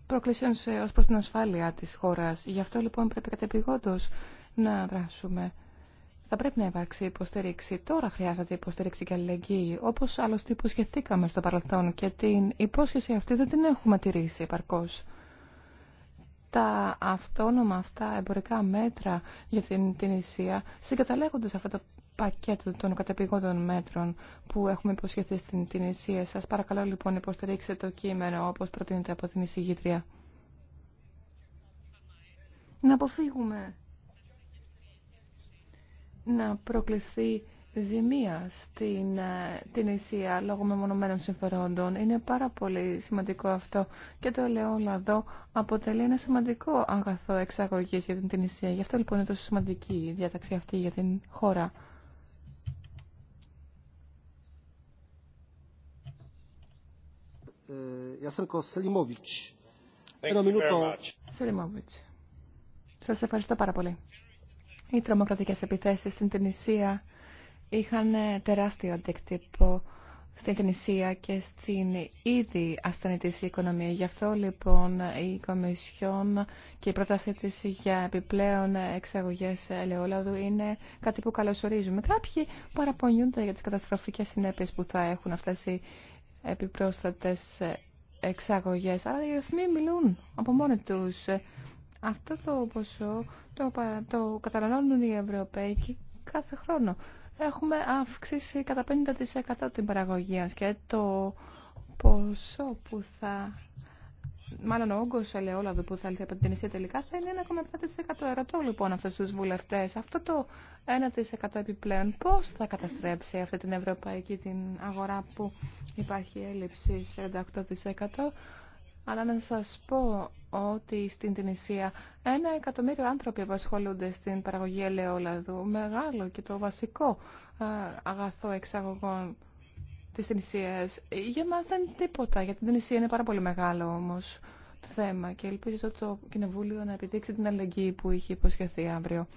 προκλήσεων ως προς την ασφάλεια της χώρας. Γι' αυτό λοιπόν πρέπει κατεπηγόντως να δράσουμε. Θα πρέπει να υπάρξει υποστήριξη. Τώρα χρειάζεται υποστήριξη και αλληλεγγύη, όπω άλλωστε υποσχεθήκαμε στο παρελθόν και την υπόσχεση αυτή δεν την έχουμε τηρήσει επαρκώ. Τα αυτόνομα αυτά εμπορικά μέτρα για την, την συγκαταλέγονται σε αυτό το πακέτο των κατεπηγόντων μέτρων που έχουμε υποσχεθεί στην Τινησία. σας. Σα παρακαλώ λοιπόν υποστηρίξτε το κείμενο όπω προτείνεται από την εισηγήτρια. Να αποφύγουμε να προκληθεί ζημία στην ε, την Ισία λόγω μεμονωμένων συμφερόντων. Είναι πάρα πολύ σημαντικό αυτό και το ελαιόλαδο αποτελεί ένα σημαντικό αγαθό εξαγωγής για την Ισία. Γι' αυτό λοιπόν είναι τόσο σημαντική η διάταξη αυτή για την χώρα. Σελιμοβίτς. Σας ευχαριστώ πάρα πολύ. Οι τρομοκρατικές επιθέσεις στην Τινησία είχαν ε, τεράστιο αντίκτυπο στην Τινησία και στην ήδη ασθενή οικονομία. Γι' αυτό λοιπόν η Κομισιόν και η πρότασή της για επιπλέον εξαγωγές ελαιόλαδου είναι κάτι που καλωσορίζουμε. Κάποιοι παραπονιούνται για τις καταστροφικές συνέπειες που θα έχουν αυτές οι επιπρόσθετες εξαγωγές. Αλλά οι ρυθμοί μιλούν από μόνοι τους. Αυτό το ποσό το, το καταναλώνουν οι Ευρωπαίοι κάθε χρόνο. Έχουμε αύξηση κατά 50% την παραγωγή και το ποσό που θα μάλλον ο όγκο ελαιόλαδου που θα λυθεί από την τελικά θα είναι 1,7%. Ερωτώ λοιπόν αυτού του βουλευτέ, αυτό το 1% επιπλέον, πώ θα καταστρέψει αυτή την ευρωπαϊκή την αγορά που υπάρχει έλλειψη 48% αλλά να σας πω ότι στην Τινησία ένα εκατομμύριο άνθρωποι απασχολούνται στην παραγωγή ελαιόλαδου, μεγάλο και το βασικό ε, αγαθό εξαγωγών της Τινησίας. Για μας δεν είναι τίποτα, γιατί την Τινησία είναι πάρα πολύ μεγάλο όμως το θέμα και ελπίζω το Κοινοβούλιο να επιδείξει την αλληλεγγύη που είχε υποσχεθεί αύριο.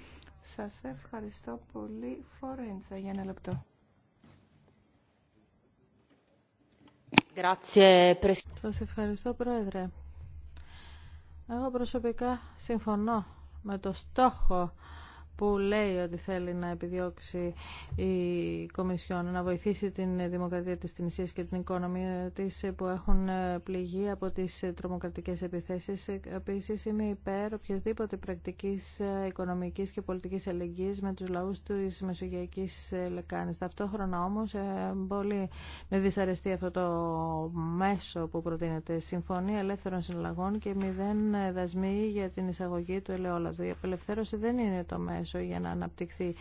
Σας ευχαριστώ πολύ. Φορέντσα για ένα λεπτό. Σας ευχαριστώ, Πρόεδρε. Εγώ προσωπικά συμφωνώ με το στόχο που λέει ότι θέλει να επιδιώξει η Κομισιόν να βοηθήσει την δημοκρατία της Τινησίας και την οικονομία της που έχουν πληγεί από τις τρομοκρατικές επιθέσεις. επίση είμαι υπέρ οποιασδήποτε πρακτικής οικονομικής και πολιτικής αλληλεγγύης με τους λαούς της Μεσογειακής Λεκάνης. Ταυτόχρονα όμως ε, πολύ με δυσαρεστεί αυτό το μέσο που προτείνεται. Συμφωνία ελεύθερων συλλαγών και μηδέν δασμοί για την εισαγωγή του ελαιόλαδου. Η απελευθέρωση δεν είναι το μέσο για να αναπτυχθεί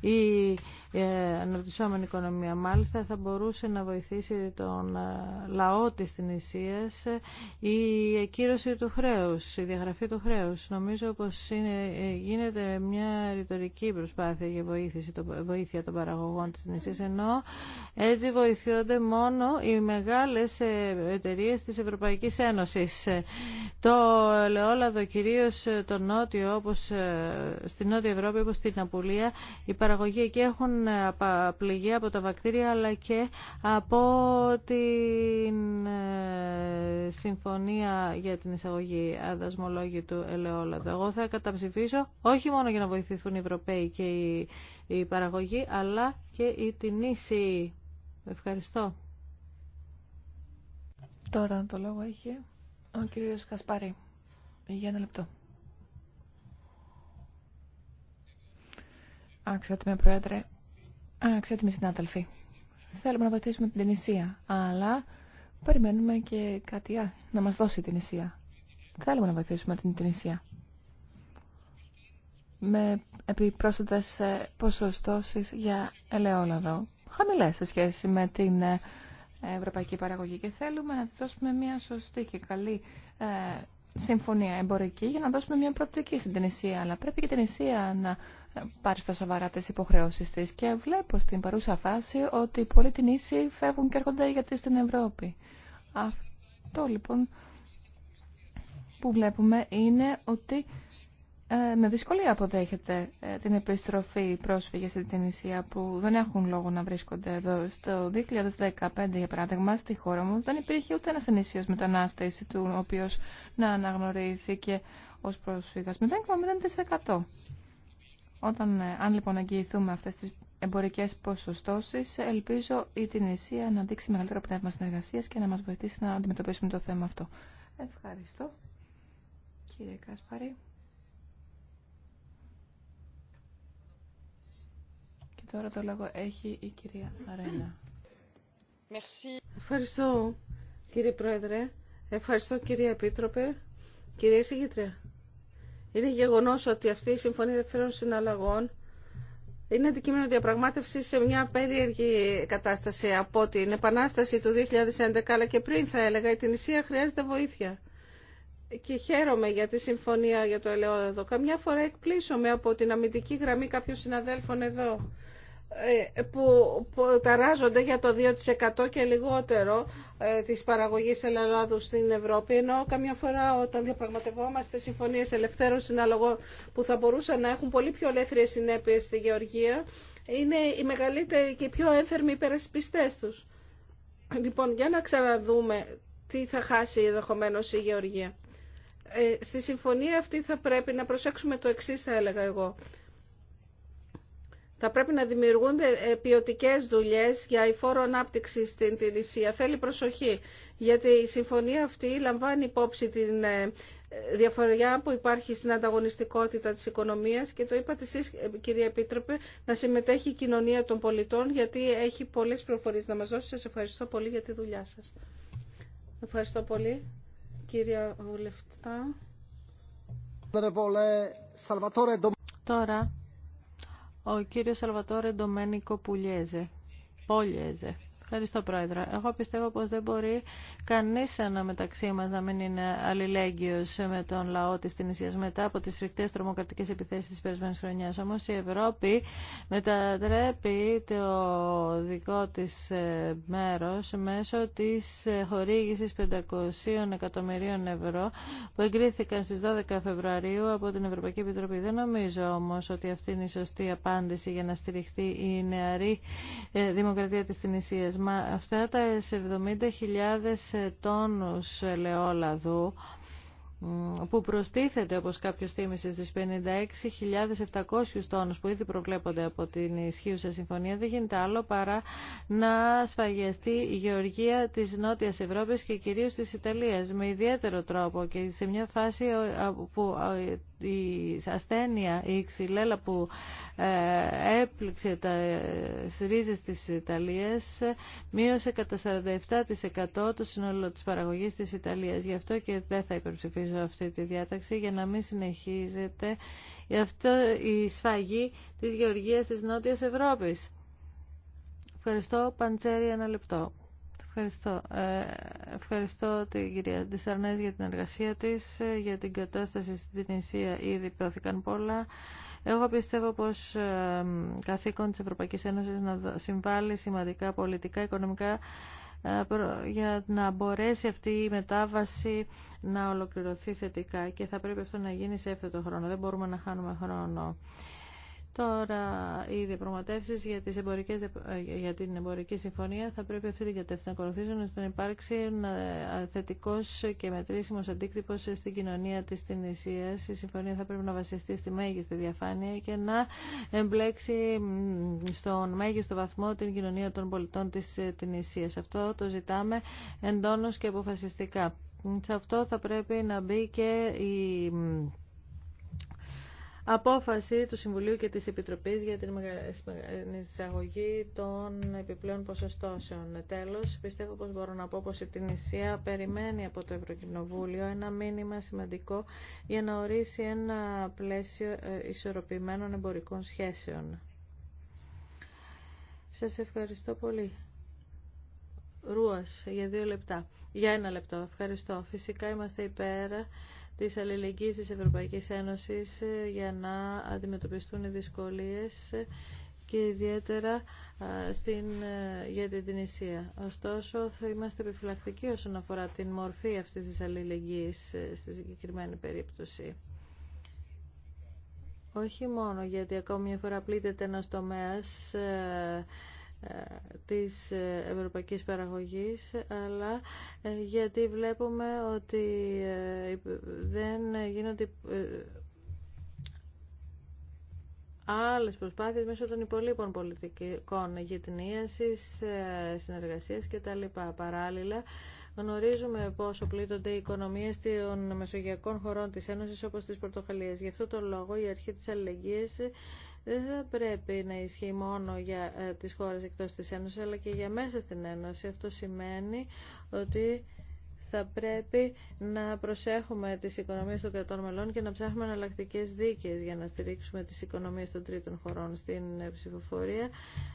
η ε, αναπτυσσόμενη οικονομία. Μάλιστα θα μπορούσε να βοηθήσει τον ε, λαό της νησίας η ακύρωση του χρέους, η διαγραφή του χρέους. Νομίζω πως είναι, ε, γίνεται μια ρητορική προσπάθεια για βοήθεια των παραγωγών της Ισίας ενώ έτσι βοηθούνται μόνο οι μεγάλες εταιρείε της Ευρωπαϊκής Ένωσης. Το ελαιόλαδο κυρίως το νότιο, όπως, στην Νότια Ευρώπη όπως στην Απουλία, παραγωγή εκεί έχουν ε, πληγεί από τα βακτήρια αλλά και από την ε, συμφωνία για την εισαγωγή του ελαιόλαδου. Εγώ θα καταψηφίσω όχι μόνο για να βοηθηθούν οι Ευρωπαίοι και οι, οι παραγωγοί αλλά και οι τινήσιοι. Ευχαριστώ. Τώρα το λόγο έχει ο κύριος Κασπάρη. Για ένα λεπτό. Αξιότιμε Πρόεδρε, αξιότιμοι συνάδελφοι. Θέλουμε να βοηθήσουμε την Τινησία, αλλά περιμένουμε και κάτι α, να μας δώσει την Ισία. Θέλουμε να βοηθήσουμε την Τινησία. Με επιπρόσθετες ε, ποσοστώσεις για ελαιόλαδο. Χαμηλές σε σχέση με την ε, ευρωπαϊκή παραγωγή και θέλουμε να δώσουμε μια σωστή και καλή ε, συμφωνία εμπορική για να δώσουμε μια προοπτική στην Τινησία. Αλλά πρέπει και την Τινησία να πάρει στα σοβαρά τι υποχρεώσεις τη. Και βλέπω στην παρούσα φάση ότι πολλοί Τινήσοι φεύγουν και έρχονται γιατί στην Ευρώπη. Αυτό λοιπόν που βλέπουμε είναι ότι ε, με δυσκολία αποδέχεται ε, την επιστροφή πρόσφυγες στην Τινησία που δεν έχουν λόγο να βρίσκονται εδώ. Στο 2015, για παράδειγμα, στη χώρα μου δεν υπήρχε ούτε ένα ενίσιος μετανάστευση του, ο οποίο να αναγνωρίθηκε ως πρόσφυγα. 0,0%. Όταν, ε, αν λοιπόν αγγιηθούμε αυτέ τι εμπορικέ ποσοστώσεις, ελπίζω η Τινησία να δείξει μεγαλύτερο πνεύμα συνεργασία και να μα βοηθήσει να αντιμετωπίσουμε το θέμα αυτό. Ευχαριστώ. Κύριε Κάσπαρη. τώρα το λόγο έχει η κυρία Αρένα. Ευχαριστώ κύριε Πρόεδρε, ευχαριστώ κυρία Επίτροπε, κυρία Συγγήτρια. Είναι γεγονός ότι αυτή η Συμφωνία Ελευθερών Συναλλαγών είναι αντικείμενο διαπραγμάτευση σε μια περίεργη κατάσταση από την επανάσταση του 2011, αλλά και πριν θα έλεγα, η Τινησία χρειάζεται βοήθεια. Και χαίρομαι για τη συμφωνία για το ελαιόδαδο. Καμιά φορά εκπλήσωμαι από την αμυντική γραμμή κάποιων συναδέλφων εδώ. Ε, που ταράζονται για το 2% και λιγότερο ε, της παραγωγής ελαιολάδου στην Ευρώπη, ενώ καμιά φορά όταν διαπραγματευόμαστε συμφωνίες ελευθέρων συναλλαγών που θα μπορούσαν να έχουν πολύ πιο ελεύθερες συνέπειες στη Γεωργία, είναι οι μεγαλύτεροι και οι πιο ένθερμοι υπερασπιστές τους. Λοιπόν, για να ξαναδούμε τι θα χάσει ενδεχομένω η Γεωργία. Ε, στη συμφωνία αυτή θα πρέπει να προσέξουμε το εξή θα έλεγα εγώ. Θα πρέπει να δημιουργούνται ε, ποιοτικέ δουλειέ για η φόρο ανάπτυξη στην Τινησία. Θέλει προσοχή, γιατί η συμφωνία αυτή λαμβάνει υπόψη την ε, διαφορεία που υπάρχει στην ανταγωνιστικότητα της οικονομίας και το είπατε εσείς ε, κυρία Επίτροπε να συμμετέχει η κοινωνία των πολιτών γιατί έχει πολλές προφορίες να μας δώσει. Σας ευχαριστώ πολύ για τη δουλειά σας. Ευχαριστώ πολύ κυρία Βουλευτά ο κύριος Σαλβατόρε Ντομένικο Πουλιέζε. Πολιέζε. Ευχαριστώ, Πρόεδρε. Εγώ πιστεύω πως δεν μπορεί κανείς ένα μεταξύ μας να μην είναι αλληλέγγυος με τον λαό της Τινησίας μετά από τις φρικτές τρομοκρατικές επιθέσεις της περισμένης χρονιάς. Όμως η Ευρώπη μετατρέπει το δικό της ε, μέρος μέσω της ε, χορήγησης 500 εκατομμυρίων ευρώ που εγκρίθηκαν στις 12 Φεβρουαρίου από την Ευρωπαϊκή Επιτροπή. Δεν νομίζω όμως ότι αυτή είναι η σωστή απάντηση για να στηριχθεί η νεαρή ε, δημοκρατία της Τινησίας αυτά τα 70.000 τόνους ελαιόλαδου που προστίθεται, όπως κάποιος θύμισε, στις 56.700 τόνους που ήδη προβλέπονται από την ισχύουσα συμφωνία, δεν γίνεται άλλο παρά να σφαγιαστεί η γεωργία της Νότιας Ευρώπης και κυρίως της Ιταλίας, με ιδιαίτερο τρόπο και σε μια φάση που η ασθένεια, η ξυλέλα που ε, έπληξε τα ρίζες της Ιταλίας μείωσε κατά 47% το σύνολο της παραγωγής της Ιταλίας. Γι' αυτό και δεν θα υπερψηφίζω αυτή τη διάταξη για να μην συνεχίζεται Γι αυτό η σφαγή της γεωργίας της Νότιας Ευρώπης. Ευχαριστώ. Παντσέρι ένα λεπτό. Ευχαριστώ. Ε, ευχαριστώ την κυρία Ντισαρνές για την εργασία της, ε, για την κατάσταση στην Ισία ήδη πιώθηκαν πολλά. Εγώ πιστεύω πως ε, καθήκον της Ευρωπαϊκής Ένωσης να συμβάλλει σημαντικά πολιτικά, οικονομικά για να μπορέσει αυτή η μετάβαση να ολοκληρωθεί θετικά και θα πρέπει αυτό να γίνει σε το χρόνο. Δεν μπορούμε να χάνουμε χρόνο. Τώρα οι διαπραγματεύσει για, ε, για την εμπορική συμφωνία θα πρέπει αυτή την κατεύθυνση να ακολουθήσουν ώστε να υπάρξει ε, θετικό και μετρήσιμο αντίκτυπο στην κοινωνία τη Τινησία. Η συμφωνία θα πρέπει να βασιστεί στη μέγιστη διαφάνεια και να εμπλέξει στον μέγιστο βαθμό την κοινωνία των πολιτών τη ε, Τινησία. Αυτό το ζητάμε εντόνω και αποφασιστικά. Σε αυτό θα πρέπει να μπει και η απόφαση του Συμβουλίου και της Επιτροπής για την εισαγωγή των επιπλέον ποσοστώσεων. Τέλος, πιστεύω πως μπορώ να πω πως η Τινησία περιμένει από το Ευρωκοινοβούλιο ένα μήνυμα σημαντικό για να ορίσει ένα πλαίσιο ε, ισορροπημένων εμπορικών σχέσεων. Σας ευχαριστώ πολύ. Ρούας, για δύο λεπτά. Για ένα λεπτό, ευχαριστώ. Φυσικά είμαστε υπέρα της αλληλεγγύης της Ευρωπαϊκής Ένωσης ε, για να αντιμετωπιστούν οι δυσκολίες ε, και ιδιαίτερα στην, ε, για την Τινησία. Ωστόσο, θα είμαστε επιφυλακτικοί όσον αφορά την μορφή αυτής της αλληλεγγύης στη συγκεκριμένη περίπτωση. Όχι μόνο γιατί ακόμη μια φορά πλήττεται ένας τομέας ε, της ε, ευρωπαϊκής παραγωγής αλλά ε, γιατί βλέπουμε ότι δεν γίνονται άλλες προσπάθειες μέσω των υπολείπων πολιτικών γυτνίασης, συνεργασίας κτλ. Παράλληλα, γνωρίζουμε πόσο πλήττονται οι οικονομίες των μεσογειακών χωρών της Ένωσης όπως της Πορτογαλίας. Γι' αυτό το λόγο η αρχή της αλληλεγγύης δεν θα πρέπει να ισχύει μόνο για ε, τις χώρες εκτός της Ένωσης αλλά και για μέσα στην Ένωση. Αυτό σημαίνει ότι θα πρέπει να προσέχουμε τις οικονομίες των κρατών μελών και να ψάχνουμε εναλλακτικέ δίκες για να στηρίξουμε τις οικονομίες των τρίτων χωρών στην ε, ψηφοφορία.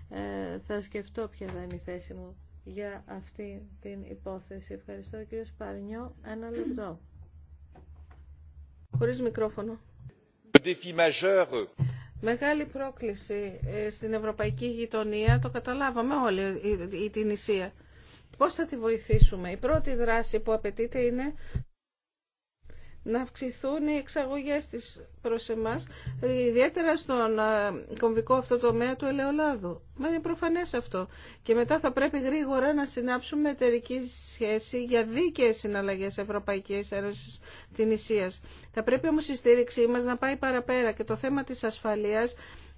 Ε, θα σκεφτώ ποια θα είναι η θέση μου για αυτή την υπόθεση. Ευχαριστώ κύριο Σπαρνιό. Ένα λεπτό. Χωρίς μικρόφωνο. Μεγάλη πρόκληση ε, στην ευρωπαϊκή γειτονία, το καταλάβαμε όλοι, η, την Ισία. Πώς θα τη βοηθήσουμε. Η πρώτη δράση που απαιτείται είναι να αυξηθούν οι εξαγωγές της προς εμάς, ιδιαίτερα στον ε, κομβικό αυτό τομέα του ελαιολάδου. Μα είναι προφανές αυτό. Και μετά θα πρέπει γρήγορα να συνάψουμε εταιρική σχέση για δίκαιες συναλλαγές Ευρωπαϊκής Ένωσης την Ισίας. Θα πρέπει όμως η στήριξή μας να πάει παραπέρα και το θέμα της ασφαλείας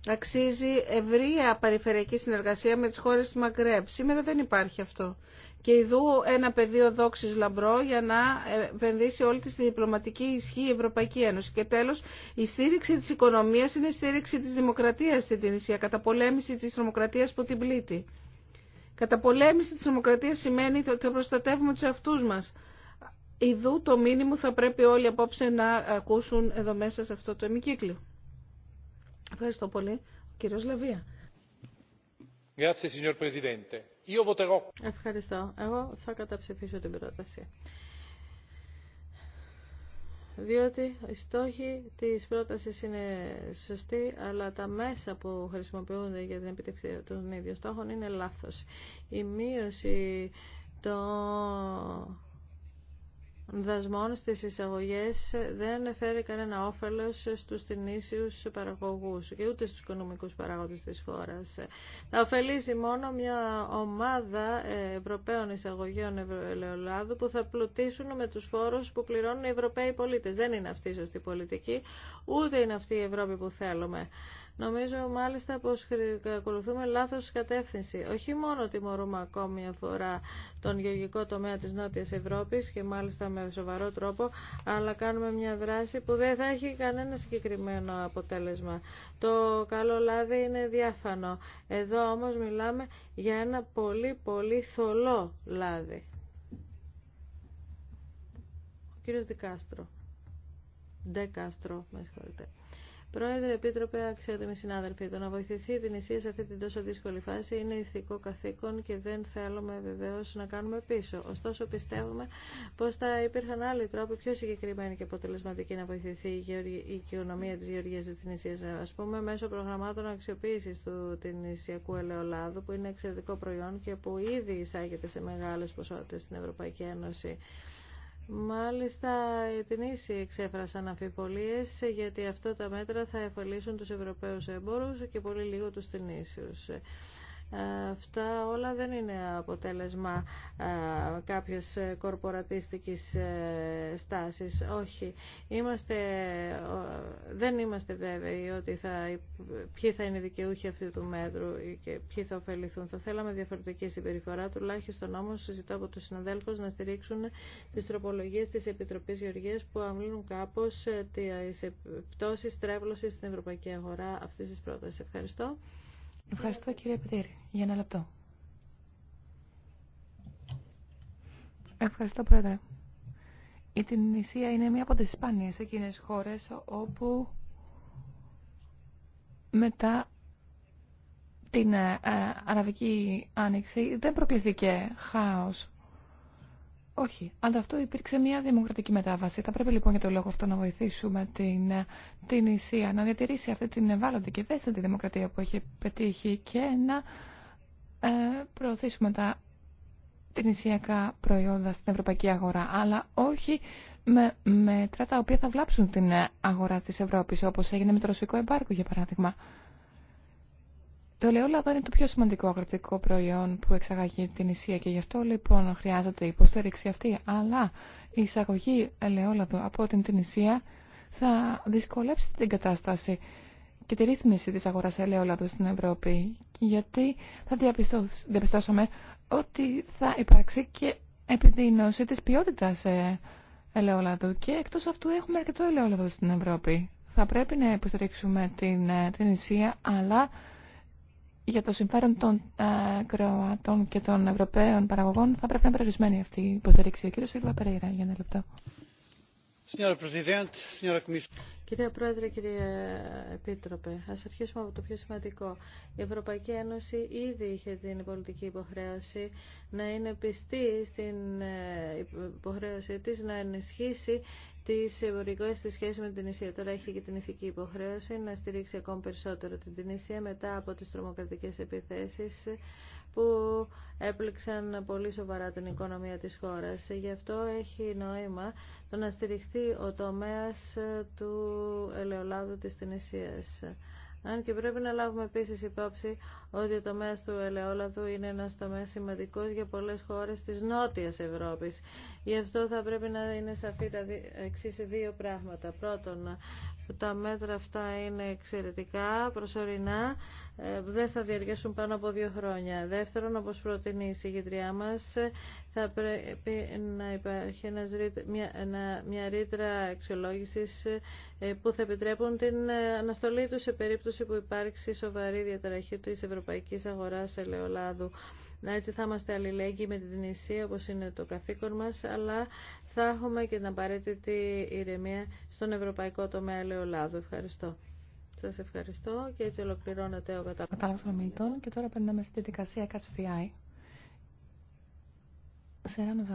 αξίζει ευρεία περιφερειακή συνεργασία με τις χώρες του Μαγκρέμπ. Σήμερα δεν υπάρχει αυτό και ειδού ένα πεδίο δόξης λαμπρό για να επενδύσει όλη τη διπλωματική ισχύ η Ευρωπαϊκή Ένωση. Και τέλος, η στήριξη της οικονομίας είναι η στήριξη της δημοκρατίας στην κατά πολέμηση της δημοκρατίας που την πλήττει. πολέμηση της δημοκρατίας σημαίνει ότι θα προστατεύουμε τους αυτούς μας. Ιδού το μήνυμα θα πρέπει όλοι απόψε να ακούσουν εδώ μέσα σε αυτό το εμικύκλιο. Ευχαριστώ πολύ. κύριος Λαβία. Grazie, Ευχαριστώ. Εγώ θα καταψηφίσω την πρόταση. Διότι οι στόχοι της πρότασης είναι σωστοί, αλλά τα μέσα που χρησιμοποιούνται για την επιτευχή των ίδιων στόχων είναι λάθος. Η μείωση των δασμών στις εισαγωγές δεν φέρει κανένα όφελος στους τινήσιους παραγωγούς και ούτε στους οικονομικούς παράγοντες της χώρας. Θα ωφελήσει μόνο μια ομάδα ε, Ευρωπαίων εισαγωγέων ελαιολάδου που θα πλουτίσουν με τους φόρους που πληρώνουν οι Ευρωπαίοι πολίτες. Δεν είναι αυτή η σωστή πολιτική, ούτε είναι αυτή η Ευρώπη που θέλουμε. Νομίζω μάλιστα πως ακολουθούμε λάθος κατεύθυνση. Όχι μόνο τιμωρούμε ακόμη μια φορά τον γεωργικό τομέα της Νότιας Ευρώπης και μάλιστα με σοβαρό τρόπο, αλλά κάνουμε μια δράση που δεν θα έχει κανένα συγκεκριμένο αποτέλεσμα. Το καλό λάδι είναι διάφανο. Εδώ όμως μιλάμε για ένα πολύ πολύ θολό λάδι. κύριος Δικάστρο. Δεκάστρο, με συγχωρείτε. Πρόεδρε, Επίτροπε, αξιότιμοι συνάδελφοι, το να βοηθηθεί η Τινησία σε αυτή την τόσο δύσκολη φάση είναι ηθικό καθήκον και δεν θέλουμε βεβαίω να κάνουμε πίσω. Ωστόσο, πιστεύουμε πω θα υπήρχαν άλλοι τρόποι πιο συγκεκριμένοι και αποτελεσματικοί να βοηθηθεί η οικονομία τη Γεωργία τη Τινησία. Α πούμε, μέσω προγραμμάτων αξιοποίηση του Τινησιακού ελαιολάδου, που είναι εξαιρετικό προϊόν και που ήδη εισάγεται σε μεγάλε ποσότητε στην Ευρωπαϊκή Ένωση. Μάλιστα, οι ίση εξέφρασαν αμφιβολίες γιατί αυτά τα μέτρα θα εφαλίσουν τους Ευρωπαίους εμπόρους και πολύ λίγο τους Τινήσιους. Ε, αυτά όλα δεν είναι αποτέλεσμα ε, κάποιες κορπορατίστικης ε, στάσης. Όχι. Είμαστε, δεν είμαστε βέβαιοι ότι θα, ποιοι θα είναι οι δικαιούχοι αυτού του μέτρου και ποιοι θα ωφεληθούν. Θα θέλαμε διαφορετική συμπεριφορά. Τουλάχιστον όμως συζητώ από τους συναδέλφους να στηρίξουν τις τροπολογίες της Επιτροπής Γεωργίας που αμβλύνουν κάπως τις πτώσεις τρέβλωσης στην ευρωπαϊκή αγορά αυτής της πρότασης. Ευχαριστώ. Ευχαριστώ κύριε Πιτήρη, Για ένα λεπτό. Ευχαριστώ πρόεδρε. Η Τινησία είναι μία από τις σπάνιες εκείνες χώρες όπου μετά την ε, ε, Αραβική Άνοιξη δεν προκληθήκε χάος όχι. Ανταυτού αυτό υπήρξε μια δημοκρατική μετάβαση. Θα πρέπει λοιπόν για το λόγο αυτό να βοηθήσουμε την, την Ισία να διατηρήσει αυτή την ευάλωτη και ευαίσθητη δημοκρατία που έχει πετύχει και να ε, προωθήσουμε τα Ισιακά προϊόντα στην ευρωπαϊκή αγορά, αλλά όχι με μέτρα τα οποία θα βλάψουν την αγορά της Ευρώπης, όπως έγινε με το ρωσικό εμπάρκο, για παράδειγμα. Το ελαιόλαδο είναι το πιο σημαντικό αγροτικό προϊόν που εξαγαγεί την Ισία και γι' αυτό λοιπόν χρειάζεται υποστήριξη αυτή. Αλλά η εισαγωγή ελαιόλαδου από την Τινησία θα δυσκολέψει την κατάσταση και τη ρύθμιση της αγοράς ελαιόλαδου στην Ευρώπη. Γιατί θα διαπιστώσουμε ότι θα υπάρξει και επιδείνωση της ποιότητας ελαιόλαδου και εκτός αυτού έχουμε αρκετό ελαιόλαδο στην Ευρώπη. Θα πρέπει να υποστηρίξουμε την, ε, την Ισία, αλλά για το συμφέρον των ε, Κροατών και των Ευρωπαίων παραγωγών θα πρέπει να είναι περιορισμένη αυτή η υποστήριξη. Ο κύριος Σίλβα Περέιρα, για ένα λεπτό. Κύριε Πρόεδρε, κύριε Επίτροπε, α αρχίσουμε από το πιο σημαντικό. Η Ευρωπαϊκή Ένωση ήδη είχε την πολιτική υποχρέωση να είναι πιστή στην ε, υποχρέωσή τη να ενισχύσει τις εμπορικές σχέση με την Τινήσια Τώρα έχει και την ηθική υποχρέωση να στηρίξει ακόμη περισσότερο την Τινησία μετά από τις τρομοκρατικές επιθέσεις που έπληξαν πολύ σοβαρά την οικονομία της χώρας. Γι' αυτό έχει νόημα το να στηριχθεί ο τομέας του ελαιολάδου της Τινησίας. Αν και πρέπει να λάβουμε επίση υπόψη ότι το τομέα του ελαιόλαδου είναι ένα τομέα σημαντικό για πολλέ χώρε τη Νότια Ευρώπη. Γι' αυτό θα πρέπει να είναι σαφή τα εξή δύο πράγματα. Πρώτον, τα μέτρα αυτά είναι εξαιρετικά, προσωρινά, ε, δεν θα διαρκέσουν πάνω από δύο χρόνια. Δεύτερον, όπως προτείνει η συγκεντριά μας, θα πρέπει να υπάρχει μια ρήτρα αξιολόγησης ε, που θα επιτρέπουν την ε, αναστολή του σε περίπτωση που υπάρξει σοβαρή διαταραχή της ευρωπαϊκής αγοράς ελαιολάδου. Να έτσι θα είμαστε αλληλέγγυοι με την Ισία όπως είναι το καθήκον μας, αλλά θα έχουμε και την απαραίτητη ηρεμία στον ευρωπαϊκό τομέα ελαιολάδου. Ευχαριστώ. Σας ευχαριστώ και έτσι ολοκληρώνεται ο κατάλογος των και τώρα περνάμε στη δικασία Catch Σε έναν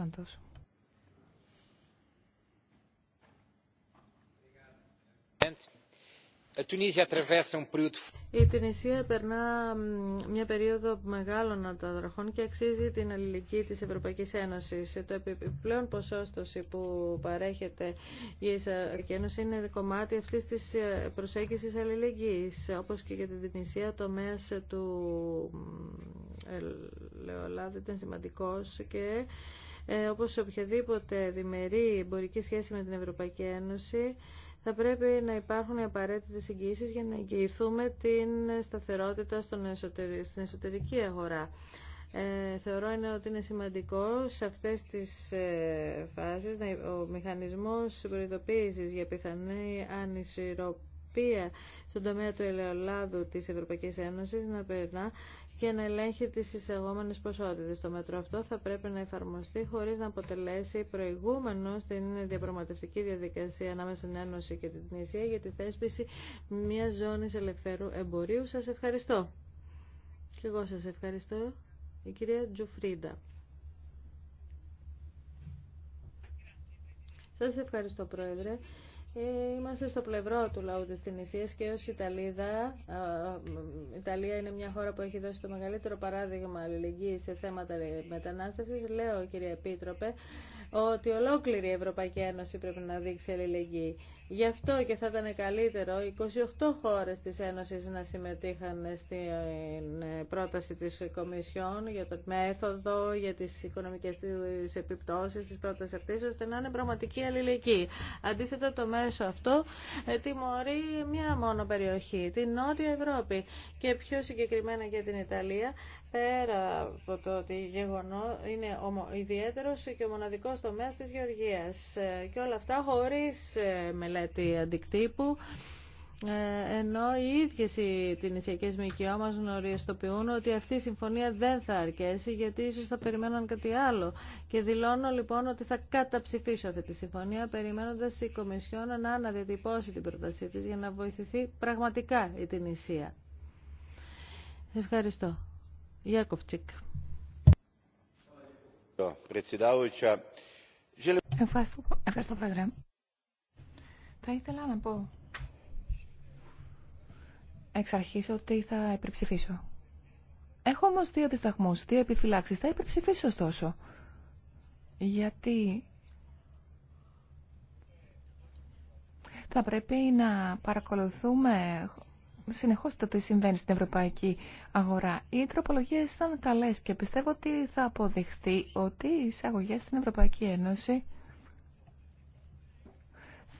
Σεράνο ε, η Τινησία περνά μια περίοδο μεγάλων ανταδροχών και αξίζει την αλληλεγγύη της Ευρωπαϊκής Ένωσης. Ε, το επιπλέον ποσόστοση που παρέχεται η Ευρωπαϊκή Ένωση είναι κομμάτι αυτής της ε, προσέγγισης αλληλεγγύης, όπως και για την Τινησία μέσο του ελαιολάδου ήταν σημαντικός και όπως οποιαδήποτε διμερή εμπορική σχέση με την Ευρωπαϊκή Ένωση θα πρέπει να υπάρχουν οι απαραίτητες εγγύησεις για να εγγυηθούμε την σταθερότητα στον εσωτερική, στην εσωτερική αγορά. Ε, θεωρώ είναι ότι είναι σημαντικό σε αυτές τις ε, φάσεις να, ο μηχανισμός προειδοποίησης για πιθανή ανισορροπία στον τομέα του ελαιολάδου της Ευρωπαϊκής Ένωσης να περνά και να ελέγχει τις εισεγόμενες ποσότητες. Το μέτρο αυτό θα πρέπει να εφαρμοστεί χωρίς να αποτελέσει προηγούμενο στην διαπραγματευτική διαδικασία ανάμεσα στην Ένωση και την Τινησία για τη θέσπιση μια ζώνης ελευθερού εμπορίου. Σας ευχαριστώ. Και εγώ σας ευχαριστώ. Η κυρία Τζουφρίντα. Σας ευχαριστώ, Πρόεδρε. Είμαστε στο πλευρό του λαού της Τινησίας και ως Ιταλίδα, η Ιταλία είναι μια χώρα που έχει δώσει το μεγαλύτερο παράδειγμα αλληλεγγύη σε θέματα μετανάστευσης. Λέω, κύριε Επίτροπε, ότι ολόκληρη η Ευρωπαϊκή Ένωση πρέπει να δείξει αλληλεγγύη. Γι' αυτό και θα ήταν καλύτερο 28 χώρες της Ένωσης να συμμετείχαν στην ε, πρόταση της Κομισιόν για το μέθοδο, για τις οικονομικές της επιπτώσεις της πρότασης αυτής, ώστε να είναι πραγματική αλληλεγγύη. Αντίθετα το μέσο αυτό ε, τιμωρεί μία μόνο περιοχή, την Νότια Ευρώπη και πιο συγκεκριμένα για την Ιταλία, πέρα από το ότι γεγονό είναι ιδιαίτερος και ο μοναδικός τομέας της Γεωργίας. Ε, και όλα αυτά χωρίς μελέτη τη αντικτύπου ε, ενώ οι ίδιες οι τυνησιακές ΜΚΟ μας γνωριστοποιούν ότι αυτή η συμφωνία δεν θα αρκέσει γιατί ίσως θα περιμέναν κάτι άλλο και δηλώνω λοιπόν ότι θα καταψηφίσω αυτή τη συμφωνία περιμένοντας η Κομισιόν να αναδιατυπώσει την πρότασή της για να βοηθηθεί πραγματικά η Τινησία. Ευχαριστώ. Ευχαριστώ, θα ήθελα να πω εξ ότι θα υπερψηφίσω. Έχω όμως δύο δισταγμούς, δύο επιφυλάξεις. Θα υπερψηφίσω ωστόσο. Γιατί θα πρέπει να παρακολουθούμε συνεχώς το τι συμβαίνει στην ευρωπαϊκή αγορά. Οι τροπολογίες ήταν καλές και πιστεύω ότι θα αποδειχθεί ότι οι εισαγωγές στην Ευρωπαϊκή Ένωση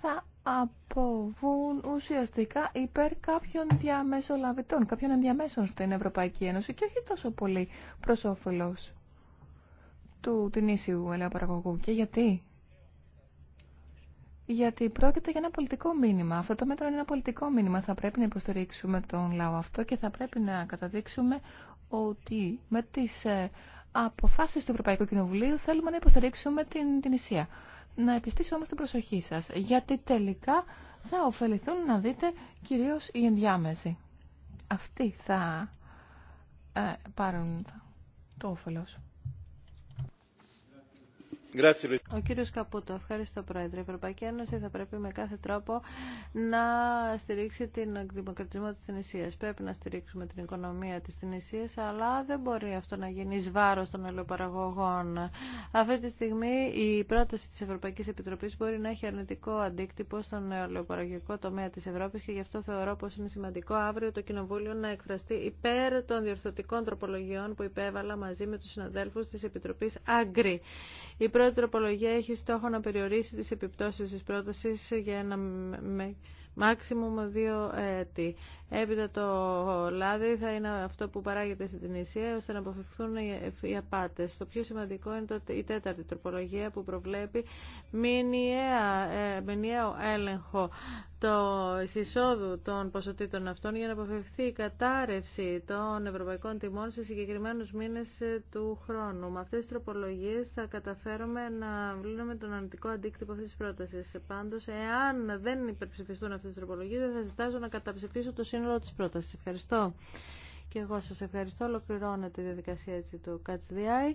θα αποβούν ουσιαστικά υπέρ κάποιων διαμεσολαβητών, κάποιων ενδιαμέσων στην Ευρωπαϊκή Ένωση και όχι τόσο πολύ προς όφελος του την ίσιου ελαιοπαραγωγού. Και γιατί? Γιατί πρόκειται για ένα πολιτικό μήνυμα. Αυτό το μέτρο είναι ένα πολιτικό μήνυμα. Θα πρέπει να υποστηρίξουμε τον λαό αυτό και θα πρέπει να καταδείξουμε ότι με τις ε, αποφάσεις του Ευρωπαϊκού Κοινοβουλίου θέλουμε να υποστηρίξουμε την, την Ισία να επιστήσω όμως την προσοχή σας, γιατί τελικά θα ωφεληθούν να δείτε κυρίως οι ενδιάμεσοι. Αυτοί θα ε, πάρουν το όφελος. Ο κύριος Καπούτο, ευχαριστώ Πρόεδρε. Η Ευρωπαϊκή Ένωση θα πρέπει με κάθε τρόπο να στηρίξει την δημοκρατισμό της Τινησίας. Πρέπει να στηρίξουμε την οικονομία της Τινησίας, αλλά δεν μπορεί αυτό να γίνει εις βάρος των ελαιοπαραγωγών. Αυτή τη στιγμή η πρόταση της Ευρωπαϊκής Επιτροπής μπορεί να έχει αρνητικό αντίκτυπο στον ελαιοπαραγωγικό τομέα της Ευρώπης και γι' αυτό θεωρώ πως είναι σημαντικό αύριο το Κοινοβούλιο να εκφραστεί υπέρ των διορθωτικών τροπολογιών που υπέβαλα μαζί με τους συναδέλφους της Επιτροπής Άγκρη πρώτη τροπολογία έχει στόχο να περιορίσει τις επιπτώσεις της πρότασης για ένα με δύο έτη. Έπειτα το λάδι θα είναι αυτό που παράγεται στην Τινησία ώστε να αποφευχθούν οι απάτες. Το πιο σημαντικό είναι το, η τέταρτη τροπολογία που προβλέπει ε, μηνιαίο έλεγχο το εισόδου των ποσοτήτων αυτών για να αποφευθεί η κατάρρευση των ευρωπαϊκών τιμών σε συγκεκριμένους μήνες ε, του χρόνου. Με αυτές τις τροπολογίες θα καταφέρουμε να βλύνουμε τον αρνητικό αντίκτυπο αυτής της πρότασης. Πάντως, εάν δεν υπερψηφιστούν αυτές τις τροπολογίες, θα ζητάζω να καταψηφίσω το σύνολο της πρότασης. Ευχαριστώ. Και εγώ σας ευχαριστώ. Ολοκληρώνεται τη διαδικασία έτσι του Catch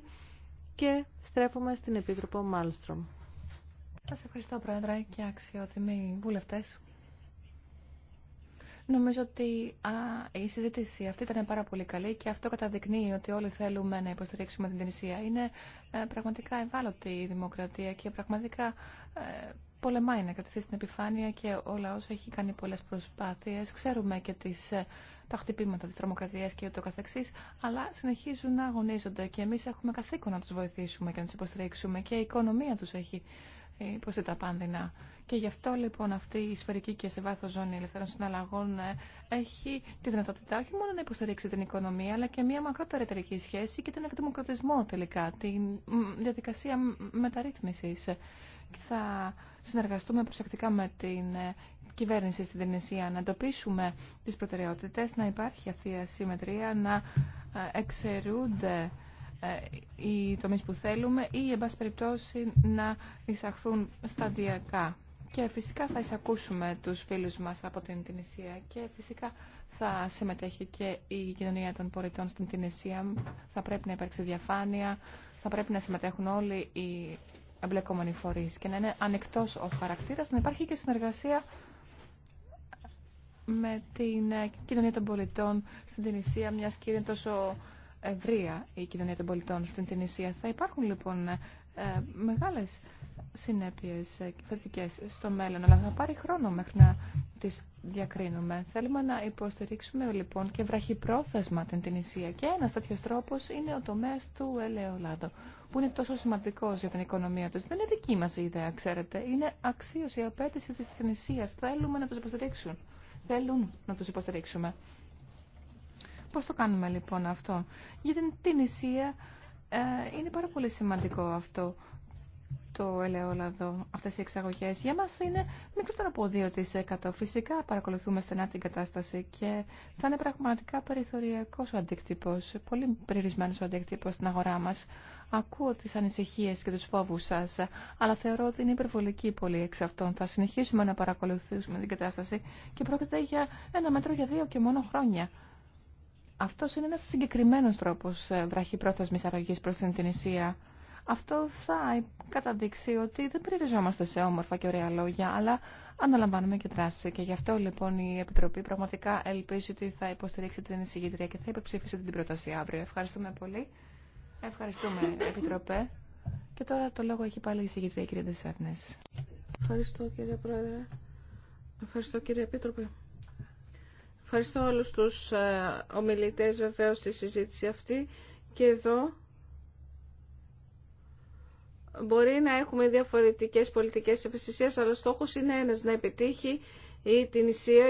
και στρέφουμε στην Επίτροπο Μάλστρομ. Σας ευχαριστώ, Πρόεδρε, και αξιότιμοι βουλευτές. Νομίζω ότι α, η συζήτηση αυτή ήταν πάρα πολύ καλή και αυτό καταδεικνύει ότι όλοι θέλουμε να υποστηρίξουμε την Τινησία. Είναι ε, πραγματικά ευάλωτη η δημοκρατία και πραγματικά ε, πολεμάει να κρατηθεί στην επιφάνεια και ο λαός έχει κάνει πολλές προσπάθειες. Ξέρουμε και τις, ε, τα χτυπήματα της τρομοκρατίας και ούτω καθεξής, αλλά συνεχίζουν να αγωνίζονται και εμείς έχουμε καθήκον να τους βοηθήσουμε και να τους υποστηρίξουμε και η οικονομία τους έχει ε, τα πάνδυνα. Και γι' αυτό λοιπόν αυτή η σφαιρική και σε βάθο ζώνη ελευθερών συναλλαγών ε, έχει τη δυνατότητα όχι μόνο να υποστηρίξει την οικονομία, αλλά και μια μακρότερη εταιρική σχέση και τον εκδημοκρατισμό τελικά, την διαδικασία μεταρρύθμισης. Θα συνεργαστούμε προσεκτικά με την ε, κυβέρνηση στην Τινησία να εντοπίσουμε τι προτεραιότητε, να υπάρχει αυτή η ασυμμετρία, να εξαιρούνται ε, οι τομείς που θέλουμε ή, εν πάση περιπτώσει, να εισαχθούν σταδιακά. Και φυσικά θα εισακούσουμε τους φίλους μας από την Τινησία και φυσικά θα συμμετέχει και η κοινωνία των πολιτών στην Τινησία. Θα πρέπει να υπάρξει διαφάνεια, θα πρέπει να συμμετέχουν όλοι οι εμπλεκόμενοι φορείς και να είναι ανεκτός ο χαρακτήρας, να υπάρχει και συνεργασία με την κοινωνία των πολιτών στην Τινησία, μιας και τόσο ευρεία η κοινωνία των πολιτών στην Τινησία. Θα υπάρχουν λοιπόν ε, μεγάλες συνέπειες ε, θετικές στο μέλλον, αλλά θα πάρει χρόνο μέχρι να τις διακρίνουμε. Θέλουμε να υποστηρίξουμε λοιπόν και βραχυπρόθεσμα την Τινησία και ένα τέτοιο τρόπο είναι ο τομέας του ελαιολάδου, που είναι τόσο σημαντικός για την οικονομία του. Δεν είναι δική μα η ιδέα, ξέρετε. Είναι αξίωση, η απέτηση της Τινησίας. Θέλουμε να τους υποστηρίξουν. Θέλουν να τους υποστηρίξουμε. Πώς το κάνουμε λοιπόν αυτό. Για την νησία ε, είναι πάρα πολύ σημαντικό αυτό το ελαιόλαδο, αυτές οι εξαγωγές. Για μας είναι μικρότερο από 2%. Φυσικά παρακολουθούμε στενά την κατάσταση και θα είναι πραγματικά περιθωριακός ο αντίκτυπος, πολύ περιορισμένος ο αντίκτυπος στην αγορά μας. Ακούω τις ανησυχίες και τους φόβους σας, αλλά θεωρώ ότι είναι υπερβολική πολύ εξ αυτών. Θα συνεχίσουμε να παρακολουθήσουμε την κατάσταση και πρόκειται για ένα μέτρο για δύο και μόνο χρόνια. Αυτό είναι ένα συγκεκριμένος τρόπος ε, βραχυπρόθεσμη αλλαγή προ την Τινησία. Αυτό θα καταδείξει ότι δεν περιοριζόμαστε σε όμορφα και ωραία λόγια, αλλά αναλαμβάνουμε και δράση. Και γι' αυτό λοιπόν η Επιτροπή πραγματικά ελπίζει ότι θα υποστηρίξει την εισηγητρία και θα υπερψήφισε την πρόταση αύριο. Ευχαριστούμε πολύ. Ευχαριστούμε, Επιτροπέ. Και τώρα το λόγο έχει πάλι η εισηγητρία, κύριε Δεσέρνε. Ευχαριστώ, κύριε Πρόεδρε. Ευχαριστώ, κύριε Επίτροπε. Ευχαριστώ όλους τους ε, ομιλητές βεβαίως στη συζήτηση αυτή και εδώ μπορεί να έχουμε διαφορετικές πολιτικές ευαισθησίες, αλλά στόχος είναι ένας, να επιτύχει η την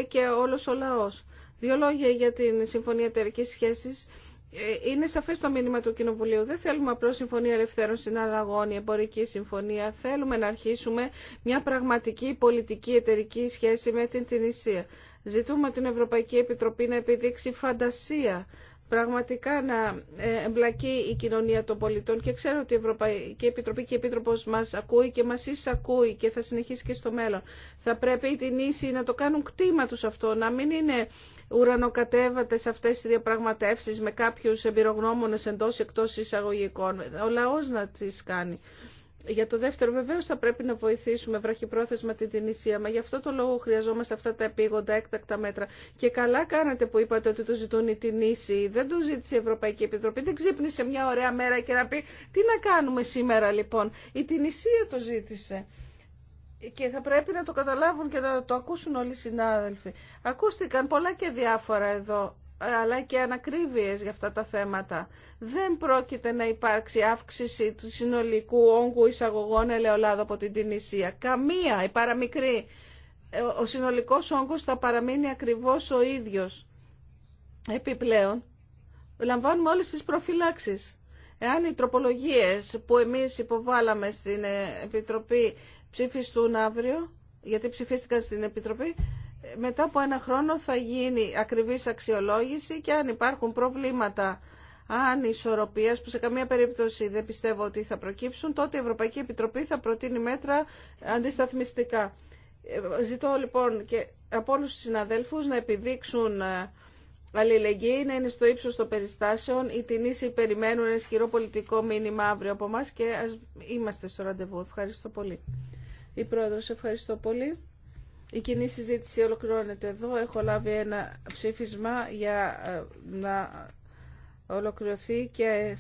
και όλος ο λαός. Δύο λόγια για την Συμφωνία Εταιρικής Σχέσης. Ε, είναι σαφέ το μήνυμα του Κοινοβουλίου. Δεν θέλουμε απλώ συμφωνία ελευθέρων συναλλαγών ή εμπορική συμφωνία. Θέλουμε να αρχίσουμε μια πραγματική πολιτική εταιρική σχέση με την Τινησία. Ζητούμε την Ευρωπαϊκή Επιτροπή να επιδείξει φαντασία, πραγματικά να ε, εμπλακεί η κοινωνία των πολιτών και ξέρω ότι η Ευρωπαϊκή Επιτροπή και η Επίτροπος μας ακούει και μας εισακούει και θα συνεχίσει και στο μέλλον. Θα πρέπει την ίση να το κάνουν κτήμα τους αυτό, να μην είναι ουρανοκατέβατες αυτές οι διαπραγματεύσεις με κάποιους εμπειρογνώμονες εντός εκτός εισαγωγικών. Ο λαός να τις κάνει. Για το δεύτερο, βεβαίω θα πρέπει να βοηθήσουμε βραχυπρόθεσμα την Τινησία, μα γι' αυτό το λόγο χρειαζόμαστε αυτά τα επίγοντα έκτακτα μέτρα. Και καλά κάνατε που είπατε ότι το ζητούν οι Τινήσοι. Δεν το ζήτησε η Ευρωπαϊκή Επιτροπή. Δεν ξύπνησε μια ωραία μέρα και να πει τι να κάνουμε σήμερα λοιπόν. Η Τινησία το ζήτησε. Και θα πρέπει να το καταλάβουν και να το ακούσουν όλοι οι συνάδελφοι. Ακούστηκαν πολλά και διάφορα εδώ αλλά και ανακρίβειες για αυτά τα θέματα. Δεν πρόκειται να υπάρξει αύξηση του συνολικού όγκου εισαγωγών ελαιολάδου από την Τινησία. Καμία, η παραμικρή. Ε, ο συνολικός όγκος θα παραμείνει ακριβώς ο ίδιος. Επιπλέον, λαμβάνουμε όλες τις προφυλάξεις. Εάν οι τροπολογίες που εμείς υποβάλαμε στην ε, Επιτροπή ψηφιστούν αύριο, γιατί ψηφίστηκαν στην Επιτροπή, μετά από ένα χρόνο θα γίνει ακριβής αξιολόγηση και αν υπάρχουν προβλήματα ανισορροπίας που σε καμία περίπτωση δεν πιστεύω ότι θα προκύψουν, τότε η Ευρωπαϊκή Επιτροπή θα προτείνει μέτρα αντισταθμιστικά. Ε, ζητώ λοιπόν και από όλους τους συναδέλφους να επιδείξουν ε, αλληλεγγύη, να είναι στο ύψος των περιστάσεων. Οι τινήσοι περιμένουν ένα ισχυρό πολιτικό μήνυμα αύριο από εμά και ας είμαστε στο ραντεβού. Ευχαριστώ πολύ. Η Πρόεδρος, ευχαριστώ πολύ. Η κοινή συζήτηση ολοκληρώνεται εδώ. Έχω λάβει ένα ψήφισμα για ε, να ολοκληρωθεί και